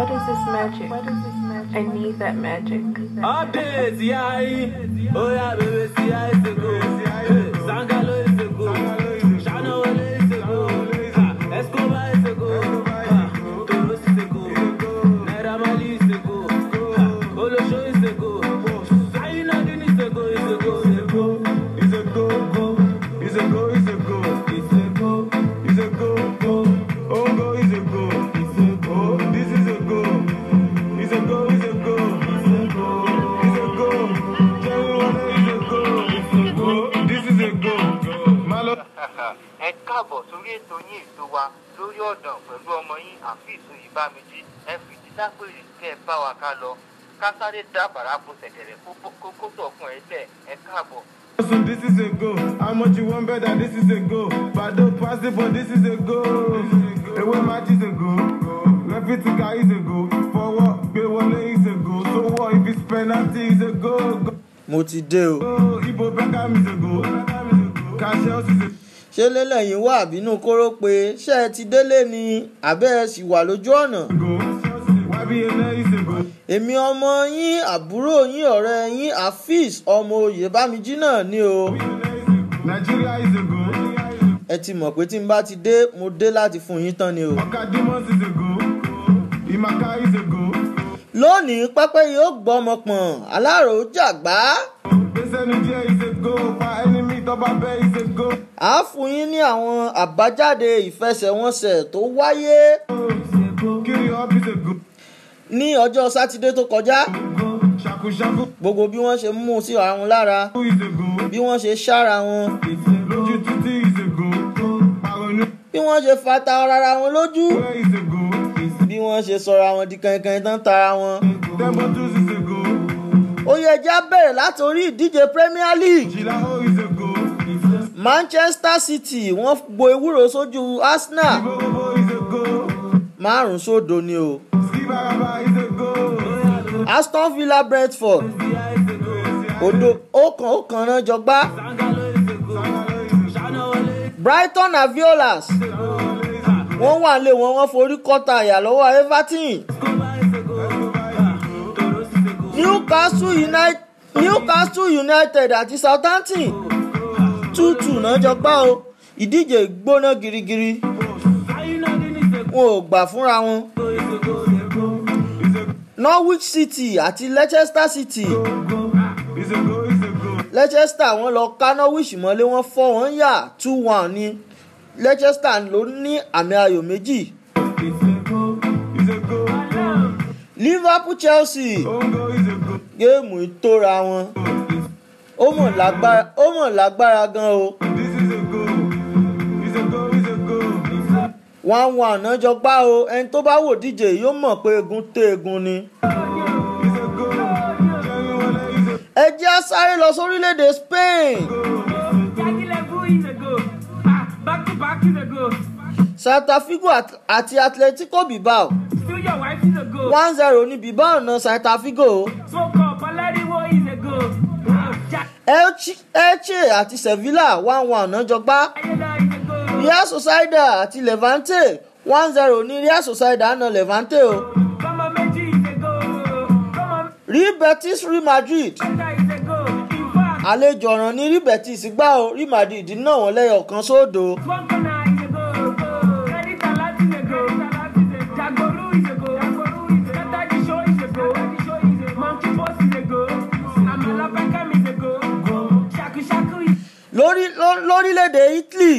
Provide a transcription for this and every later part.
What is this magic? What is this magic? I need that magic. I did, oh, yeah. bá wa ká lọ ká sáré dábàrà bo sẹ̀kẹ̀rẹ̀ kó sọ̀kun ẹ̀ lẹ̀ ẹ̀ káàbọ̀. Awesome, this is a go. How much you want better? This is a go. don't pass it, but this is a go. Ewe match is a go. Refitika is a go. Forward, Gbewole is a go. So what if it's penalty is a go? Mo ti dé o. Ibo Beckham is a go. out is a go. Ṣé lélẹ̀ yín wà bínú kóró pé ṣé ẹ ti délé ni àbẹ́ ẹ sì wà lójú ọ̀nà? èmi ọmọ yín àbúrò yín ọ̀rẹ́ yín afis ọmọ oyèbámijí náà ni o. ẹ ti mọ̀ pé tí n bá ti dé mo dé láti fún yín tán ni o. lónìí pẹ́pẹ́ yìí gbọ́mọ pọ̀n aláàrò jàgbá. a fún yín ní àwọn àbájáde ìfẹsẹ̀wọnsẹ̀ tó wáyé ní ọjọ́ sátidé tó kọjá gbogbo bí wọ́n ṣe mú sí àwọn lára bí wọ́n ṣe ṣára wọn bí wọ́n ṣe fata ọ̀rara wọn lójú bí wọ́n ṣe sọra wọn di kankan tán tara wọn. oyèjá bẹ̀rẹ̀ láti orí ìdíje Premier League. Manchester City wọ́n gbo ewúro sójú Arsenal márùn-ún sódo ni o. Aston Villa Brentford odo ọ̀kan ọ̀kan náà jọgbá Brighton Aviolas wọ́n wà lé wọn wọ́n forí kọ́ta àyà lọ́wọ́ Everton Newcastle United Newcastle United àti Southampton two two náà jọgbá o ìdíje gbóná girigiri wọn ò gbà fúnra wọn norwich city àti leicester city leicester wọ́n lọ ká norwich mọ́lé wọ́n fọ́ wọ́n yà two one ní leicester ló ní àmì ayò méjì. liverpool chelsea géèmù ìtóra wọn ó mọ̀ lágbára gan o wọn wọn àná jọ gbá o ẹni tó bá wò díje yóò mọ̀ pé egun tẹ egun ni. ẹ jẹ́ á sáré lọ sórílẹ̀‐èdè Spain. Santa Figo àti Atletico Bilbao one zero ni Bilbao na Celta Figo. Elche àti Sevilla one one náà jọ gbá. Real Sociedad àti Levante one zero ní Real Sociedad na Levante o. Real Betis Real Madrid àlejò ọ̀ràn ní Real Betis gbá o Real Madrid náà wọ́n lẹ́yọ̀ kan sódò. lórílẹ̀‐èdè Italy.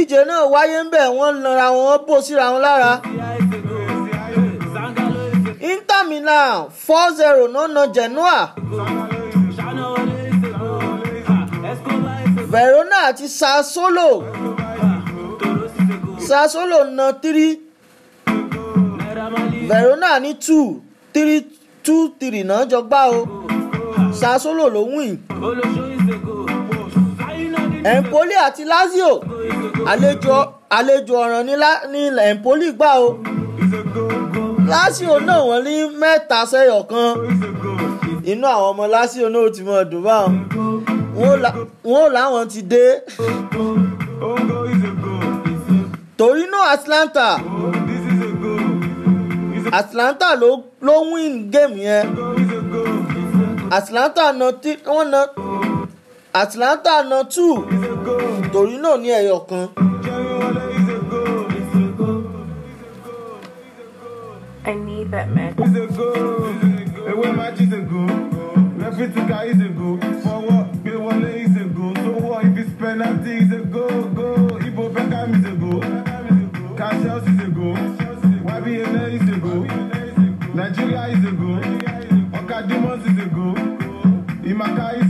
ìdíje náà wáyé ń bẹ̀ wọ́n nara wọn bò síra wọn lára. Inter Milan four zero nọ́nà Genoa. Verona àti Sassuolo Sassuolo na three Verona ní two three two three náà jọ gbá o Sassuolo ló win. Empoli àti Lazio àlejò àlejò ọ̀ràn ní Empoli gbà o Lazio náà wọ́n ní mẹ́ta sẹ́yọ̀ kan inú àwọn ọmọ Lazio náà ti mọ̀ dùn báwọn wọn ò láwọn ti dé Torino Atlanta Atlanta ló ló win game yẹn Atlanta náà wọ́n náà. Atlanta na two Torino ní ẹyọ kan. I need that man. Ewé is ṣe go. Rẹ́fìtìkà ṣe go. Fọwọ́ gbé wọlé ṣe go. Sọ́wọ́ ibi pẹ́nàtì ṣe go go. Ibo Beckham ṣe go. Cassius ṣe go. Wábíyẹlẹ ṣe go. Nàìjíríà ṣe go. Ọ̀kadìmọ̀ ṣe go. Ìmàkà ṣe go.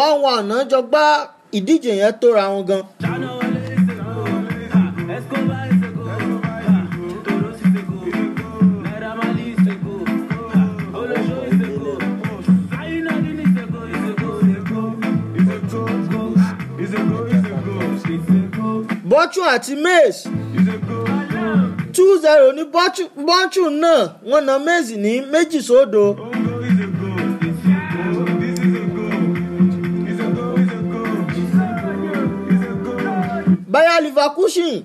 ṣùgbọ́n àwọn àná jọ gbá ìdíje yẹn tóra wọn gan. bọ́tún àti maize two zero ní bọ́tún náà wọ́n na maize ní méjì sódo. So Bayer Leverkusen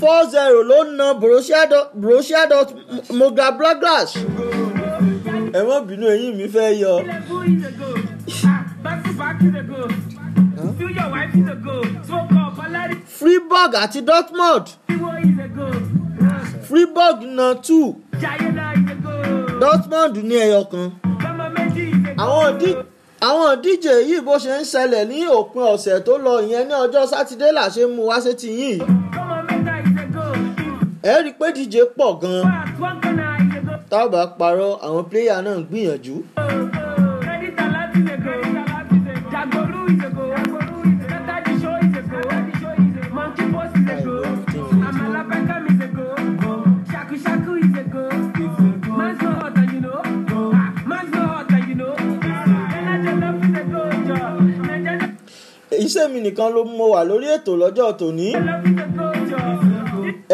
four zero ló na Borussia Dort Borussia Dort Mönchengladbach ẹ má bínú eyín mi fẹ́ yọ. Freiburg àti Dortmund Freiburg na two Dortmund ní ẹyọ kan àwọn òdì àwọn ìdíje yìí bó ṣe ń ṣẹlẹ̀ ní òpin ọ̀sẹ̀ tó lọ ìyẹn ní ọjọ́ sátidé làṣẹ mú wá sétí yìí. ẹ rí i pé díje pọ̀ gan-an tá a bá parọ́ àwọn pléyà náà ń gbìyànjú. ṣèmi nìkan ló mọ wà lórí ètò lọ́jọ́ tòní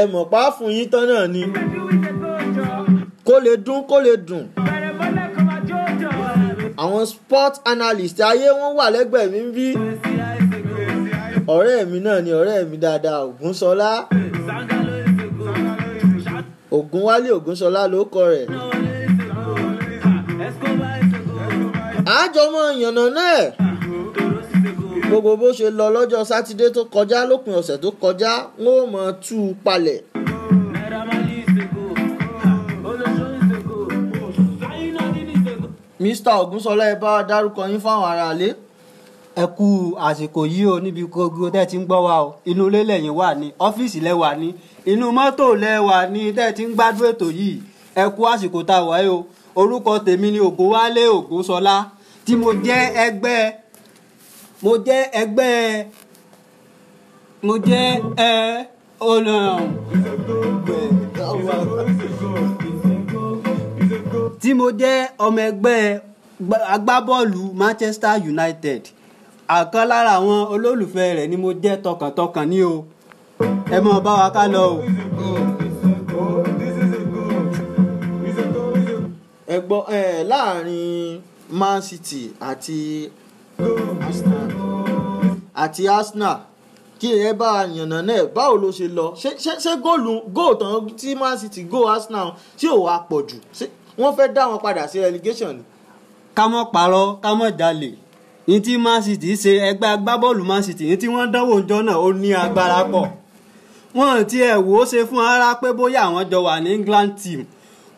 ẹ mọ̀ pa fún yín tán náà ni kó lè dún kó lè dùn àwọn sport analyst ayé wọn wà lẹ́gbẹ̀ẹ́ mi ń bí ọ̀rẹ́ mi náà ni ọ̀rẹ́ mi dáadáa Ògúnṣọlá Ògúnwálé Ògúnṣọlá ló kọ rẹ̀ àjọmọ ìyànnà náà gbogbo bó ṣe lọ lọ́jọ́ sátidé tó kọjá lópin ọ̀sẹ̀ tó kọjá wọn ò mọ̀ tú u palẹ̀. Mr. Ògúnṣọlá ẹ bá dárúkọ yín fáwọn aráalé. ẹ kú àsìkò yìí o níbi gbogbo tẹ́ ti ń gbọ́ wa o inú ilé lẹ́yìn wà ní ọ́fíìsì lẹ wà ní inú mọ́tò lẹ wà ní tẹ́ ti ń gbádùn ètò yìí ẹ kú àsìkò tá a wáyé o orúkọ tèmi ni Ògúnwálé Ògúnṣọlá tí mo jẹ́ ẹgbẹ́ mo jẹ́ ẹgbẹ́ mo jẹ́ ẹ ọ̀nà tí mo jẹ́ ọmọ ẹgbẹ́ agbábọ́ọ̀lù Manchester United àkan lára àwọn olólùfẹ́ rẹ̀ ni mo jẹ́ tọkàntọkàn ní o ẹ mọ̀ bá wa ká lọ o. ẹ gbọ́ ẹ láàrin Man City àti àti Arsenal kí ẹ bá a yànnà náà báwo ló ṣe lọ ṣé góòlù góòtàn tí Man City go Arsenal tí ò wá pọ̀ jù wọ́n fẹ́ dá wọn padà sí relegation ni. ká mọ̀ parọ́ ká mọ̀ jalè ní tí Man City ṣe ẹgbẹ́ agbábọ́ọ̀lù Man City ní tí wọ́n dánwò jọ náà ó ní agbára pọ̀ wọ́n ti ẹ̀ wò ó ṣe fún ara pé bóyá àwọn jọ wà ní England team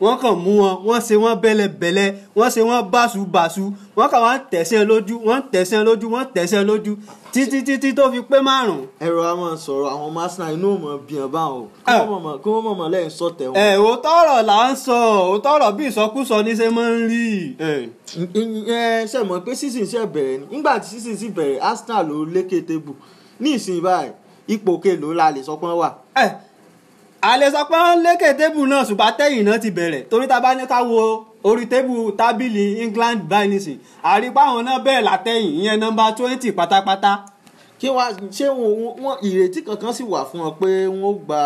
wọ́n kàn mú wọn wọ́n ṣe wọ́n bẹ́lẹ̀bẹ́lẹ̀ wọ́n ṣe wọ́n báṣubàṣu wọ́n kàn wá ń tẹ̀sẹ̀ lójú wọ́n ń tẹ̀sẹ̀ lójú wọ́n ń tẹ̀sẹ̀ lójú títí títí tó fi pé márùn. ẹ̀rọ a máa sọ̀rọ̀ àwọn masina inú mọ̀ bíyàn báwọn o kí wọ́n mọ̀mọ́ lẹ́yìn sọ tẹ̀wọ̀n. ẹ ò tọrọ là ń sọ ò tọrọ bí ìsọkúsọ ní ṣe máa ń rí. ẹ ṣe mọ̀ pé season ṣe bẹ̀rẹ̀ ni nígbà tí season sì bẹ̀rẹ̀ Arsenal ló lékè tébù ní ìsìn báyìí ipò kelo la lè sọ pé wà. ẹ àlè sọ pé wọ́n lékè tébù náà ṣùgbọ́n àtẹ̀yìn náà ti bẹ̀rẹ̀ torí ta bá ní ká wo orí tébù tábìlì England báyìí àrípá àwọn náà bẹ̀rẹ̀ látẹ̀yìn ìyẹn nọ́mbà twenty pátápátá. kí wàá ṣé wọn ìrètí kankan sì wà fún ọ pé wọn ó gba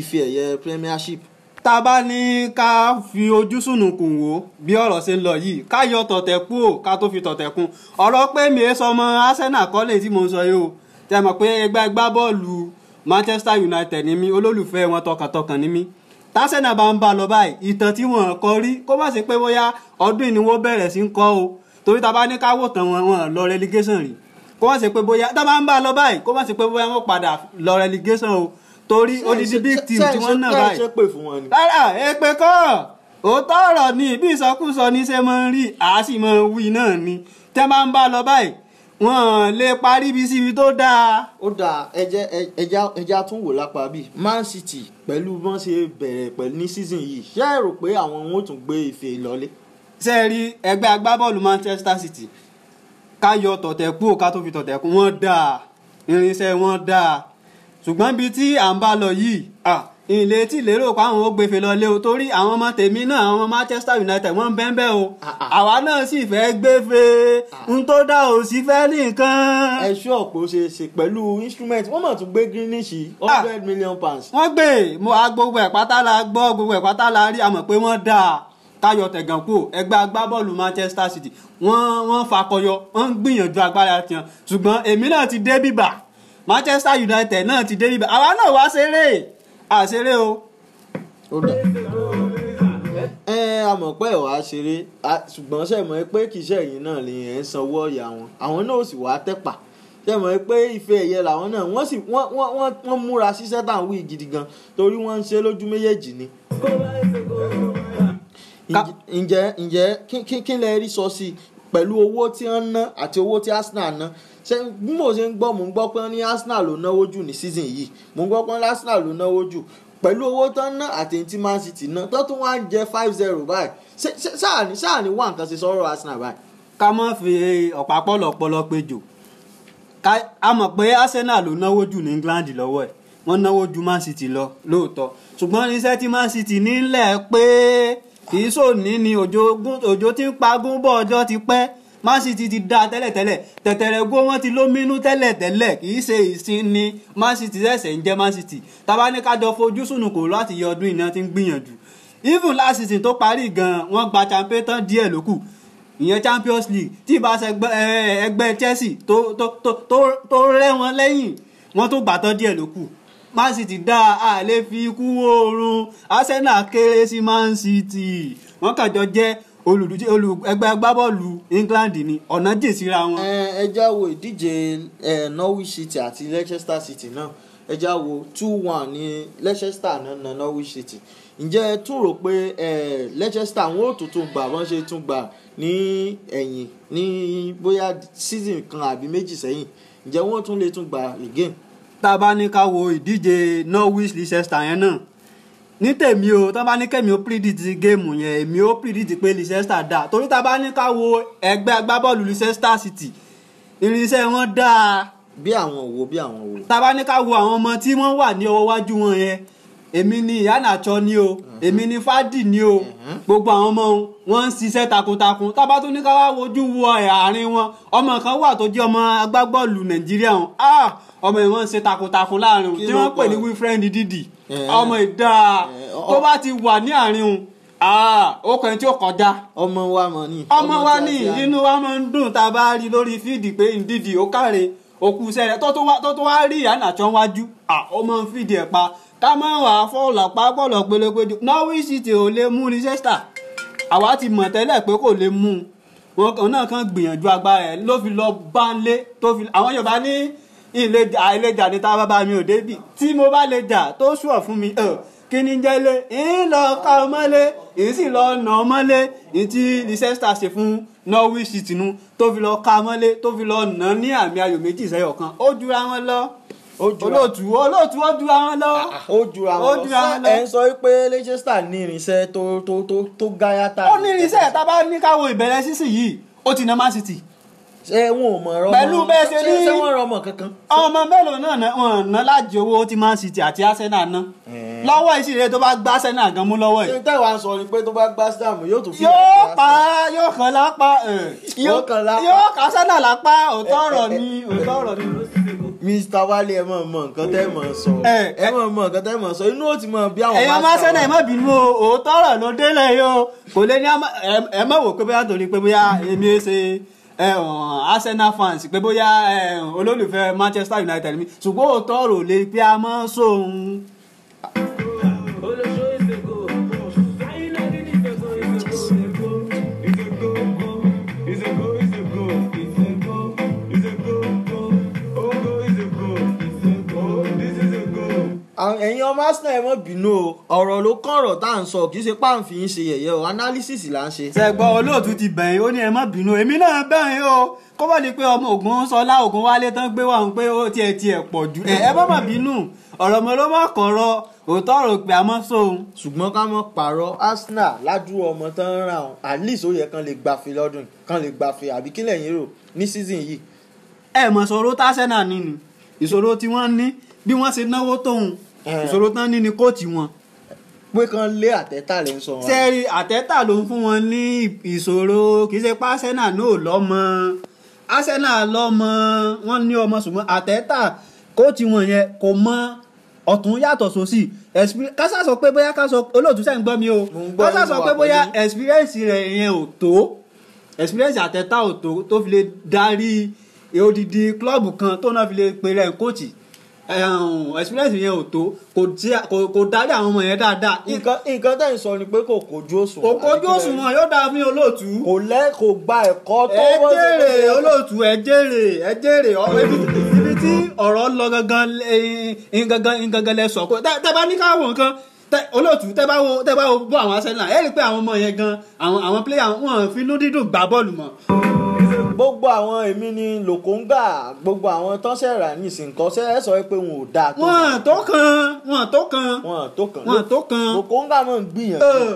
ife ẹ̀yẹ Premiership. tá a bá ní ká fi ojú sùnùkùn wò bí ọ̀rọ̀ ṣe ń lọ yìí ká yọ tọ̀tẹ̀ kú ò ká tó fi tọ̀tẹ̀ kún ọ̀rọ̀ pé mi é sọmọ Arsenal kọ́lé tí mo ń sọ yìí o tẹ̀ Manchester United ni mí olólùfẹ́ wọn tọkàntọkàn ni mí tásẹ̀nà bá ń bá lọ báyìí ìtàn tí wọ́n kọ rí kó má ṣe pé bóyá ọdún yìí ni wọ́n bẹ̀rẹ̀ sí ń kọ́ o torí ta bá ní káwọ́ tán wọn wọn lọ relegation rí kó má ṣe pé bóyá tá bá ń bá lọ báyìí kó má ṣe pé bóyá wọ́n padà lọ relegation o torí odidi big team tí wọ́n náà báyìí rárá èpè kọ́ òótọ́ ọ̀rọ̀ ni bí ìsọkúsọ ni, ṣe máa ń rí àá máa ń wí náà ni tẹ́ bá ń bá lọ báyìí wọn lè parí ibi síbi tó dáa. ó dáa ẹjẹ ẹjẹ ẹjẹ tún lápá bíi Man City pẹ̀lú bọ́n ṣe bẹ̀rẹ̀ pẹ̀lú ní season yìí ṣé ẹ rò pé àwọn ohun tún gbé ife lọ́lé. ṣé ẹ rí ẹgbẹ́ agbábọ́ọ̀lù Manchester City ká yọ tọ̀tẹ̀ kú ká tó fi tọ̀tẹ̀ kú wọ́n dáa irinṣẹ́ wọn dáa ṣùgbọ́n bíi tí à ń bá lọ yìí ìlé tí lérò pa àwọn ó gbèfè e lọ lé o torí àwọn ọmọ tèmi náà àwọn Manchester United wọ́n ń bẹ́ẹ̀ bẹ́ẹ̀ o ah, ah. àwa náà sì fẹ́ gbèfè e ah. n tó dá o sì fẹ́ nìkan. ẹ ṣú ọ̀pọ̀ ṣe ṣe pẹ̀lú instrument wọ́n mọ̀ tún gbé Greenish hundred million pounds. wọ́n gbé e. mo gbogbo ẹ̀ pátá la gbọ́ gbogbo ẹ̀ la rí àmọ̀ pé wọ́n dáa tayọ tẹ̀gànkù ẹgbẹ́ agbábọ́ọ̀lù Manchester City wọ́n wọ́n fakọyọ wọ́n ń gbìyànjú agbára tiwọn ṣùgbọ́n èmi náà ti dé bíbà Manchester United náà ti dé bíbà àwa náà wá ṣeré àṣeré o. ẹ amọ̀ pé ẹ̀ wá ṣeré ṣùgbọ́n ṣẹ̀mọ́ pé kì í ṣẹ̀yìn náà lè ẹ̀ ń sanwó ọ̀yà wọn àwọn náà sì wá tẹ́pà ṣẹ̀mọ́ pé ife ẹ̀yẹ làwọn náà wọ́n sì wọ́n múra ṣiṣẹ́ tá à wí gidi gan torí wọ́n ń ṣe lójú méjèèjì ni. ǹjẹ́ ǹjẹ́ kí lẹ rí sọ sí pẹ̀lú owó tí wọ́n ná àti owó tí Arsenal ná ṣe bí mo ṣe ń gbọ́ mò ń gbọ́ pé ní Arsenal ló náwó jù ní season yìí mò ń gbọ́ pé ní Arsenal ló náwó jù pẹ̀lú owó tó ń ná àti ní tí Man City ná tó tún wá ń jẹ five zero báyìí sáà ní sáà ní wá nǹkan ṣe sọ́rọ̀ Arsenal báyìí. ká má fi ọ̀pá pọ̀lọpọ̀lọ pé jò a mọ̀ pé Arsenal ló náwó jù ní England lọ́wọ́ ẹ̀ wọ́n náwó ju Man City lọ lóòótọ́ ṣùgbọ́n iṣẹ́ tí Man City nílẹ̀ pé kì í sòní ni òjò tí ń pagún bọ́ ọjọ́ ti pẹ́ Man City ti dáa tẹ́lẹ̀tẹ́lẹ̀ tẹ̀tẹ̀rẹ̀gbó wọn ti lóminú tẹ́lẹ̀tẹ́lẹ̀ kì í ṣe ìsìn ni Man City ṣẹ̀ṣẹ̀ ń jẹ́ Man City tàbá ní ká jọ fojú sùnùkò láti yọ ọdún iná ti ń gbìyànjú even last season tó parí gan wọ́n gba champion tán díẹ̀ lókù ìyẹn Champions League tí ìbá ṣe ẹgbẹ́ Chelsea tó tó tó tó rẹ́ wọn lẹ́yìn wọ́n tó gbà tán díẹ̀ lókù Man City dáa a lè fi ikú oorun Arsenal kéré sí Man City wọ́n kàn jọ jẹ́ olùdíje olù ẹgbẹ́ agbábọ́ọ̀lù England ni ọ̀nà jìn síra wọn. ẹ já wo ìdíje Norwich City àti Leicester City náà ẹ já wo two one ni Leicester náà na Norwich City ǹjẹ́ ẹ tún rò pé Leicester wọn ò tuntun gbà wọ́n ṣe tún gbà ní ẹ̀yìn ní bóyá season kan àbí méjì sẹ́yìn ǹjẹ́ wọ́n tún lè tún gbà again. tá a bá ní ká wo ìdíje Norwich Leicester yẹn náà ní tèmi o tó bá ní kẹ́mi ó pírídìtì géèmù yẹn èmi ó pírídìtì pé Leicester dáa torí tá a bá ní ká wo ẹgbẹ́ agbábọ́ọ̀lù Leicester City irinṣẹ́ wọn dáa. bí àwọn wo bí àwọn wo. tá a bá ní ká wo àwọn ọmọ tí wọ́n wà ní ọwọ́ wájú wọn yẹn èmi ni ìyánàchọ ni o èmi ni fádì ni o gbogbo àwọn ọmọ wọn ń ṣiṣẹ́ takuntakun tá a bá tún ní ká wá wojú wo àárín wọn ọmọ kan wà tó jẹ́ ọmọ agbábọ́ọ̀lù Nàìjíríà wọn ah, ọmọ yẹn wọ́n ń ṣe takuntakun láàrin wọn tí wọ́n pè ní Wilfred Ndidi. Eh. ọmọ ìdá eh, tó bá ti wà ní àárín òun ó kọ ẹni tí ó kọjá. ọmọ wa mọ̀ ni. ọmọ wa ni inú wa máa ń dùn tá a bá rí lórí fídì pé ndidi ó káre òkú sẹ́rẹ̀ tó tó wá rí ìyá nàtsọ́ wájú ó máa ń fìdí ẹ̀ pa ká máa wà á fọ́ọ̀lù àpá bọ́ọ̀lù ọ̀pẹ̀lẹ̀pẹ̀lẹ̀ norwich city ò lè mú leicester àwa ti mọ̀ tẹ́lẹ̀ pé kò lè mú un wọn náà kàn gbìyànjú agbára ẹ̀ ló fi lọ bá ń lé tó fi àwọn yorùbá ní àìlèjà ni tá a bá bá mi ò débì tí mo bá lè jà tó sùọ̀ fún mi kí ni jẹ́lé ń lọ ká ọ mọ́lé ń sì lọ nà ọ mọ́lé ń tí Leicester ṣe fún Norwich City nu tó fi lọ ká mọ́lé tó fi lọ nà ní àmì ayò méjì sẹ́yọ̀ kan ó jura wọn lọ olóòtú olóòtú ó jura wọn lọ. ó jura wọn lọ ẹ ń sọ pé Leicester ní irinṣẹ́ tó tó tó gáyàtà. ó ní irinṣẹ́ tá a bá ní káwọ ìbẹ̀rẹ̀ sísìn yìí ó ti nà Man City ṣé wọn ò mọ ọ̀rọ̀ pẹ̀lú bẹ́ẹ̀ ṣe ní ṣé wọn rọ ọmọ kankan. ọmọ mélòó náà wọn ná láti owó tí Man City àti Arsenal ná lọ́wọ́ ìṣirẹ tó bá gbá Arsenal gan mú lọ́wọ́ yìí. tẹ́wà ń sọ ni pé tó bá gbá Arsenal yóò tún fi àti Arsenal. yóò kàn lápá yóò kàn lápá yóò kàn Arsenal lápá òótọ́ ọ̀rọ̀ ni òótọ́ ọ̀rọ̀ ni. Mr Wale ẹ mọ̀ mọ̀ nǹkan tẹ́ mọ̀ sọ ẹ mọ̀ mọ̀ nǹkan tẹ́ mọ̀ sọ inú ó ti mọ̀ bí àwọn máa sọ. ẹ̀yin ọmọ Arsenal ẹ má bínú o òótọ́ ọ̀rọ̀ ló délẹ̀ yìí o kò lè ní ẹ mọ̀ wò pé bóyá torí pé bóyá èmi ẹ ṣe Eh, Arsenal fans pé bóyá eh, olólùfẹ́ Manchester United mi ṣùgbọ́n òótọ́ rò lè pé a mọ́ sóun. olóṣèlú. ẹ̀yin ọmọ Arsenal ẹ má bínú o ọ̀rọ̀ ló kàn ọ̀rọ̀ tá à ń sọ kì í ṣe páàfì ń ṣe yẹ̀yẹ́ o analysis là ń ṣe. ṣẹgbọn olóòtú ti bẹ̀yìn ó ní ẹ má bínú èmi náà bẹ̀yìn o kó bá ní pé ọmọ ògùn sọlá ògùn wálé tán gbé wà ń pé ó tiẹ̀ tiẹ̀ pọ̀ jù ẹ ẹ má má bínú ọ̀rọ̀ mo ló má kọ̀rọ̀ òótọ́ rò pé a mọ́ sóhun. ṣùgbọ́n ká mọ́ pààrọ̀ Arsenal ládùúgbò ọmọ tán ń ra ọ̀hún at least ó yẹ kán ìṣòro tí wọ́n ní bí wọ́n ṣe náwó tóun ìṣòro tán ní ni kóòtù wọn pé kan lé àtẹ́tà lè sọ wọn. sẹ́ẹ̀rì àtẹ́tà ló ń fún wọn ní ìṣòro kì í ṣe pé Arsenal náà lọ́mọ Arsenal lọ́mọ wọ́n ní ọmọ ṣùgbọ́n àtẹ́tà kóòtù wọn yẹn kò mọ ọ̀tún yàtọ̀ sósì kásá sọ pé bóyá kásá olóòtú sẹ́yìn gbọ́ mi o kásá sọ pé bóyá experience rẹ̀ yẹn ò tó experience àtẹ́tà ò tó tó fi lè darí odidi klọ́ọ̀bù kan tó náà fi lè pè rẹ̀ kóòtù experience yẹn ò tó kò darí àwọn ọmọ yẹn dáadáa. nǹkan nǹkan tẹ̀ ń sọ ni pé kò kojú òṣùwọ̀n. kò kojú òṣùwọ̀n yóò dáa fún olóòtú. kò lẹ́ kò gba ẹ̀kọ́ tó wọ́n. ẹ jèrè olóòtú ẹ jèrè ẹ jèrè ibi tí ọ̀rọ̀ lọ gangan gangan lẹ sọ tẹ bá ní káwọn nǹkan olóòtú tẹ bá wo tẹ bá wo bọ́ àwọn Arsenal ẹ rí i pé àwọn ọmọ yẹn gan àwọn àwọn pléyà wọn fi inú dídùn gbá bọ́ọ̀lù mọ́ gbogbo àwọn èmi ni lòkóńgà gbogbo àwọn tọ́sẹ̀ rà ní ìsìnkọ́sẹ́ ẹ sọ pé wọn ò dáa tó. wọn tó kan wọn tó kan wọn tó kan lòkóńgà mọ̀ ń gbìyànjú.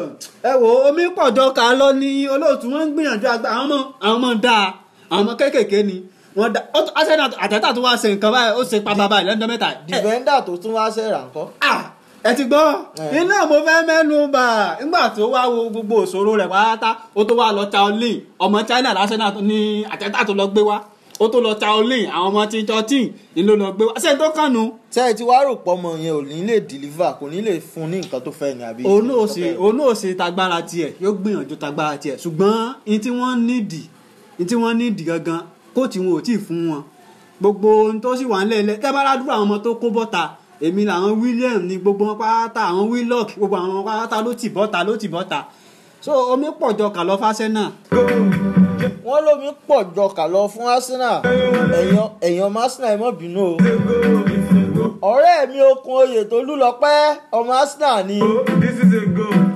ẹ wo omi pọ̀jọ ká lọ ni olóòtú wọn ń gbìyànjú àgbà àwọn ọmọ àwọn ọmọ dáa àwọn ọmọ kéékèèké ni wọn da àtẹ̀tà tó wá ṣe nǹkan báyìí ó ṣe pa bàbá ìlẹ́ńdọ́ mẹ́ta. dìbẹ́ńdà tó tún wá ṣe rà ẹ ti gbọ́ iná mo fẹ́ mẹ́nu bà nígbà tó wá wo gbogbo òṣòro rẹ̀ pátá ó tó wá lọ Shaolin ọmọ China lásánà ní àtẹ́tà tó lọ gbé wá ó tó lọ Shaolin àwọn ọmọ tí thirteen ni ló lọ gbé wá ṣé tó kànú. ṣé ẹ ti wá rò pọ̀ ọmọ yẹn ò ní lè deliver kò ní lè fún ní nǹkan tó fẹ́ ni àbí. òun ò ṣe òun ò ṣe tagbára tiẹ̀ yóò gbìyànjú tagbára tiẹ̀ ṣùgbọ́n ní tí wọ́n nídìí ní tí wọ́n nídìí gangan kóòtù wọn ò tíì fún wọn gbogbo ohun tó sì wà ń lẹ́lẹ́ tẹ́ bá rádúrà àwọn ọmọ tó kó bọ́ta èmi làwọn William ni gbogbo wọn pátá àwọn Willock gbogbo àwọn pátá ló ti bọ́ta ló ti bọ́ta so omi pọ̀jọ kà lọ fún Arsenal. wọ́n lómi pọ̀jọ kà lọ fún Arsenal ẹ̀yàn masina ẹ̀ mọ́ bínú o ọ̀rẹ́ mi okun oyè tó lù lọ pẹ́ ọmọ Arsenal ni. this is a goal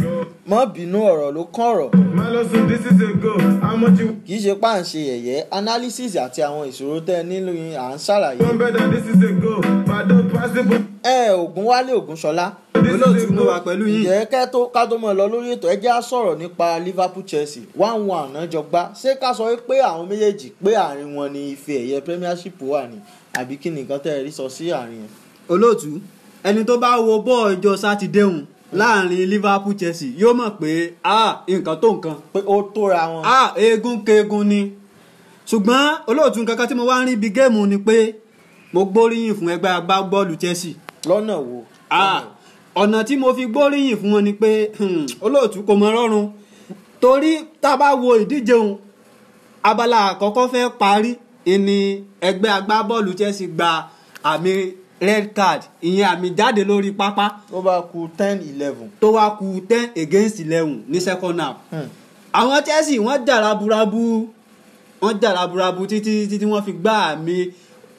má bínú ọ̀rọ̀ ló kàn ọ̀rọ̀. malosun this is a goal. how much you. kì í ṣe pa à ń ṣe yẹ̀yẹ́ analysis àti àwọn ìṣòro tẹ́ ẹ nílò yín à ń ṣàlàyé. one better this is a go pàdó possible. ẹ Ògúnwálé Ògúnṣọlá olóòtú mo wà pẹ̀lú yín. ìjẹ́ ká tó mọ̀ lọ lórí ètò ẹ jẹ́ á sọ̀rọ̀ nípa Liverpool Chelsea one one náà jọ gbá ṣé ká sọ pé àwọn méjèèjì pé àárín wọn ni ife ẹ̀yẹ Premiership wà ní àbí kí nìkan tẹ́ ẹ rí sọ sí àárín yẹn. olóòtú ẹni tó bá wo bọ́ọ̀ ọjọ́ sátidé hùn láàrin liverpool chelsea yóò mọ̀ pé ah nǹkan tó nǹkan. pé ó tóra wọn. ah eegun keegun ni ṣùgbọ́n olóòtú kankan tí mo wá ń rí ibi géèmù ni pé mo gbóríyìn fún ẹgbẹ́ agbábọ́ọ̀lù chelsea. lọ́nà wo. Ah, ọ̀nà tí mo fi gbóríyìn fún wọn ni pé hmm, olóòtú kò mọ rọrùn torí tá a bá wo ìdíje òun abala àkọ́kọ́ fẹ́ parí ni ẹgbẹ́ agbábọ́ọ̀lù chelsea gba àmì red card ìyẹn àmì jáde lórí pápá. tó bá ku ten eleven. tó wá ku ten against eleven ní second half. Hmm. àwọn Chelsea wọ́n jà raburabu wọ́n jà raburabu títí títí wọ́n fi gbá àmì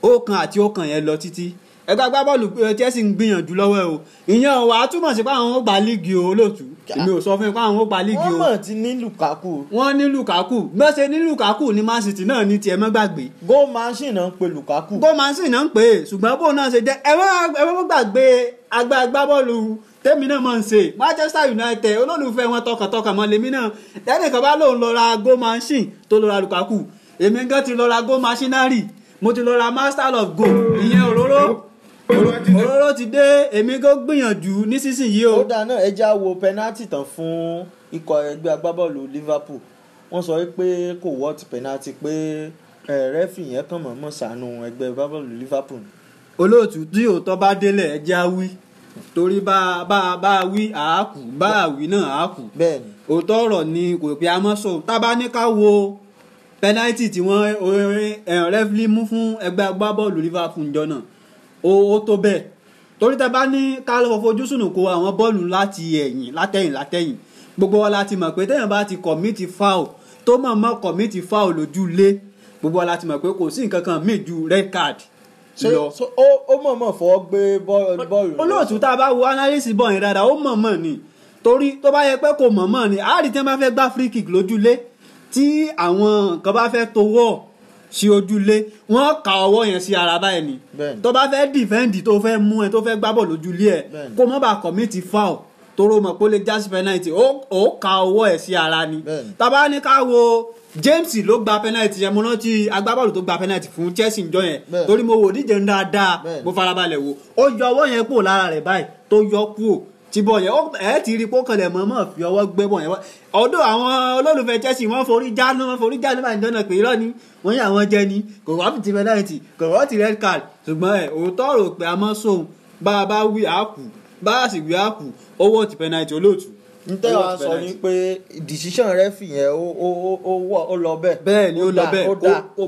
ọ̀kan àti ọ̀kan yẹn lọ títí ẹgbẹ́ agbábọ́ọ̀lù Chelsea ń gbìyànjú lọ́wọ́ ẹ o ìyẹn o wàá túmọ̀ sí pé àwọn ó gba líìgì o olóòtú èmi ò sọ fún yín pé àwọn ó gba líìgì o. wọ́n mọ̀ ti ní Lukaku. wọ́n ní Lukaku gbèsè ní Lukaku ní Man City náà ní tiẹ̀ mọ́ gbàgbé. goal machine náà ń pe Lukaku. goal machine náà ń pe ṣùgbọ́n bóun náà ṣe jẹ́ ẹ̀rọ gbàgbé agbábọ́ọ̀lù tẹ́mi náà máa ń ṣe Manchester United olólùfẹ́ wọn tọkàntọkàn mọ́ lèmi náà ẹnìkan bá lóun lọ ra goal machine tó lọ ra Lukaku èmi gan ti lọ ra goal machinery mo ti lọ ra master of goal ìyẹn òróró òróró ti dé èmi kò gbìyànjú nísinsìnyí o. ó náà ẹ wo penalty tán fún ikọ̀ ẹgbẹ́ agbábọ́ọ̀lù Liverpool wọ́n sọ pé kò wọ́ọ̀tì pẹ́nátì pé rẹ́fì yẹn kàn mọ̀ọ́mọ̀ ṣàánú ẹgbẹ́ agbábọ́ọ̀lù Liverpool. olóòtú tí òótọ́ bá délẹ̀ ẹ já wí torí bá bá bá wí àákù bá àwí náà àákù. bẹ́ẹ̀ni. òótọ́ ọ̀rọ̀ ni kò pé a mọ̀ sọ tábà wo pẹ́nátì tí wọ́n rẹ́fì mú fún ẹgbẹ́ agbábọ́ọ̀lù Liverpool jọ náà owó tó bẹ́ẹ̀ torí tẹ bá ní ká lọ fojú sùnùkù àwọn bọ́ọ̀lù láti ẹ̀yìn látẹ̀yìn látẹ̀yìn gbogbo wa la ti mọ̀ pé téèyàn bá ti kọ̀mítì foul tó mọ̀ mọ́ kọ̀mítì foul lójú lé gbogbo wa la ti mọ̀ pé kò sí nǹkan kan míì ju red card lọ. ṣé ó mọ̀ọ́mọ̀ fọ́ gbé bọ́ọ̀lù. olóòtú tá a bá wo analysis bọ̀ yẹn dáadáa ó mọ̀ọ́mọ̀ ni torí tó bá yẹ pé kò mọ̀ọ́mọ̀ ni àárín tí wọ́n bá fẹ́ gbá free kick lójú lé tí àwọn nǹkan bá fẹ́ towọ́ sí ojúlé wọ́n ka ọwọ́ yẹn sí ara báyìí ni tó bá fẹ́ dìfẹ́ǹdì tó fẹ́ mú ẹ tó fẹ́ gbábọ̀ lójúlé ẹ kó mọ́ bá kọ̀mìtì foul toro mọ̀ pé ó lè jásí penalty ó ka ọwọ́ ẹ̀ sí ara ni tàbá ní ká wo James ló gba penalty yẹn mo rántí agbábọ́ọ̀lù tó gba penalty fún Chelsea njọ́ yẹn torí mo wò níjẹun dáadáa mo farabalẹ̀ wò ó yọ ọwọ́ yẹn kúrò lára rẹ̀ báyìí tó yọ kúrò tìbọ̀ yẹn ẹ ti rí pọ́kànlẹ̀ mọ́ mọ́ fi ọwọ́ gbé bọ̀ yẹn wá ọ̀dọ̀ àwọn olólùfẹ́ Chelsea wọ́n forí jánu wọ́n forí jánu bá ń dọ́nà pé irọ́ ni wọ́n yà wọ́n jẹ ni kò wá fìtí penalty kò wá ti red card ṣùgbọ́n ẹ̀ òótọ́ rò pé a mọ́ sóhun bá a bá wí àkù bá a sì wí àkù owó ti penalty olóòtú ntẹ́ wa sọ ni pé decision rẹ fi yẹn ó ó ó wọ ó lọ bẹ́ẹ̀. bẹ́ẹ̀ ni ó lọ bẹ́ẹ̀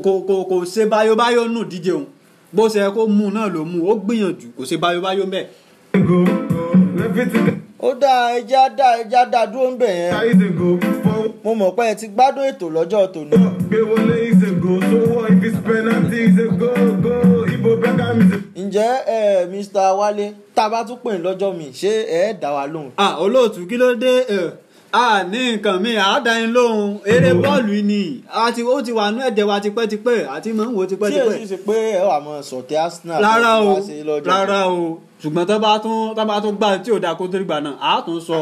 kò kò kò ṣe báyóbáyó nù díje òun bó ṣe kó mú un náà ló mú un ó gbìyànjú kò ṣe báyóbáyó mẹ́ẹ̀ ó dáa ẹja dáa ẹja dáa dúró ń bẹ̀ yẹn mo mọ̀ pé ẹ ti gbádùn ètò lọ́jọ́ tòní. ǹjẹ́ Mr. Wale, tá a bá tún pè ní lọ́jọ́ mi ṣé ẹ dá wa lóhùn. Ah, olóòtú kí ló dé a ní nǹkan mi à á dá yín lóhun eré bọ́ọ̀lù ni ó ti wà nú ẹ̀jẹ̀ wa tipẹ́tipẹ́ àti mò ń wo tipẹ́tipẹ́. tí èyí ṣe pé ẹ wà mọ sọ̀tẹ́ arsenal rárá o rárá o ṣùgbọ́n tó bá tún tó bá tún gbà tí ò dáa kó tó gbà náà àá tún sọ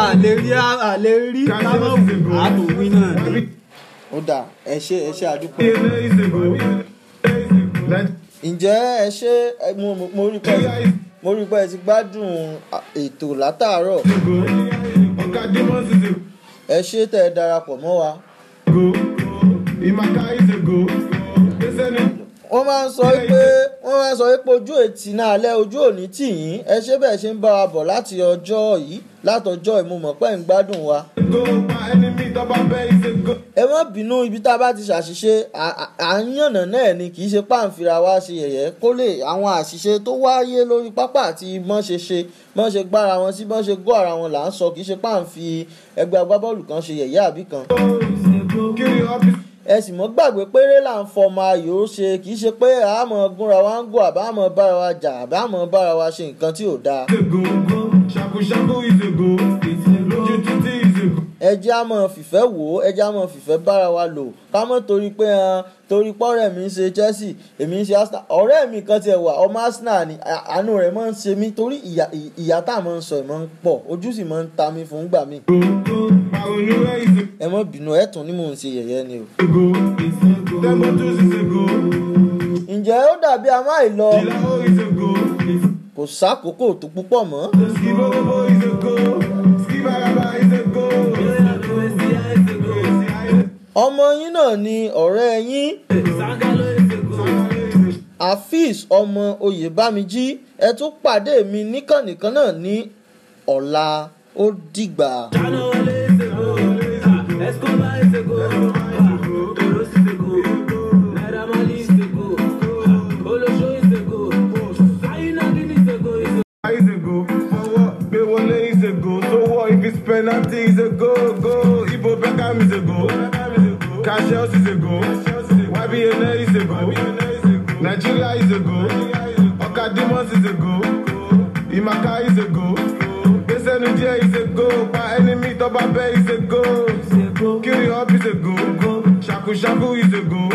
a lè rí a lè rí kámọ́ wù á tún wí náà ni. ó dà ẹ ṣe ẹ ṣe àdúpọ̀. ǹjẹ́ ẹ ṣe mo rí pé mo rí pé ẹ ti gbádùn ètò látàárọ̀ ẹ ṣé tẹ́ ẹ darapọ̀ mọ́ wa wọ́n máa ń sọ pé wọ́n máa ń sọ pé ojú ètì náà alẹ́ ojú òní tì yín ẹ ṣe bẹ́ẹ̀ ṣe ń bá wa bọ̀ láti ọjọ́ yìí látọjọ́ ìmúmọ̀ pẹ́ ń gbádùn wa. ẹ má bínú ibi tá a bá ti ṣàṣìṣe à ń yànnà náà ni kì í ṣe páǹfìrà wa ṣe yẹ̀yẹ́ kó lè àwọn àṣìṣe tó wáyé lórí pápá àti mọ́ṣeṣe mọ́ṣe gbára wọn sí mọ́ṣe gó ara wọn là ń sọ kì í ṣe páǹfì ẹgbẹ́ agbábọ́ọ̀lù ẹ sì mọ́ gbàgbé péré là ń fọmọ ayò ṣe kì í ṣe pé àmọ́ gúnra wa ń gò àbámọ́ bára wa jà àbámọ́ bára wa ṣe nǹkan tí ò dáa. ṣàkóṣàkó ìṣègùn ẹ jẹ́ á fìfẹ́ wò ó ẹ jẹ́ á fìfẹ́ bára wa lò ká mọ̀ torí pé hàn torí pọ́ọ̀rẹ́ mi ń ṣe Chelsea èmi ń ṣe Arsenal ọ̀rẹ́ mi kan tiẹ̀ wà ọmọ Arsenal ni àánú rẹ̀ máa ń ṣe mí torí ìyá tá a máa ń sọ ẹ̀ máa ń pọ̀ ojú sì máa ń ta mi fún gbà mí. ẹ mọ̀ bínú ẹ̀ tún ni mò ń ṣe yẹ̀yẹ́ ni o. ǹjẹ́ ó dàbí a máa lọ kò sákòókò tó púpọ̀ mọ́. ọmọ yín náà ni ọ̀rẹ́ yín afis ọmọ oyèbámijí ẹ tún pàdé mi níkànnìkan náà ní ọ̀la ó dìgbà. penalties Cancels is a goal. YBNA is a goal. Nigeria is a goal. Okadimos is a goal. Imaka is a goal. Besenu J is a goal. My enemy Toba Bay is a goal. Kiri Hub is a goal. Shaku Shaku is a goal.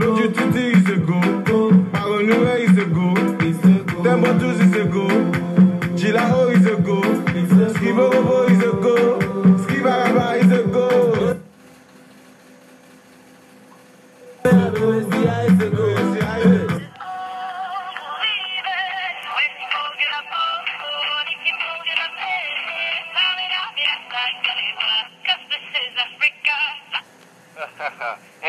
Lójú títí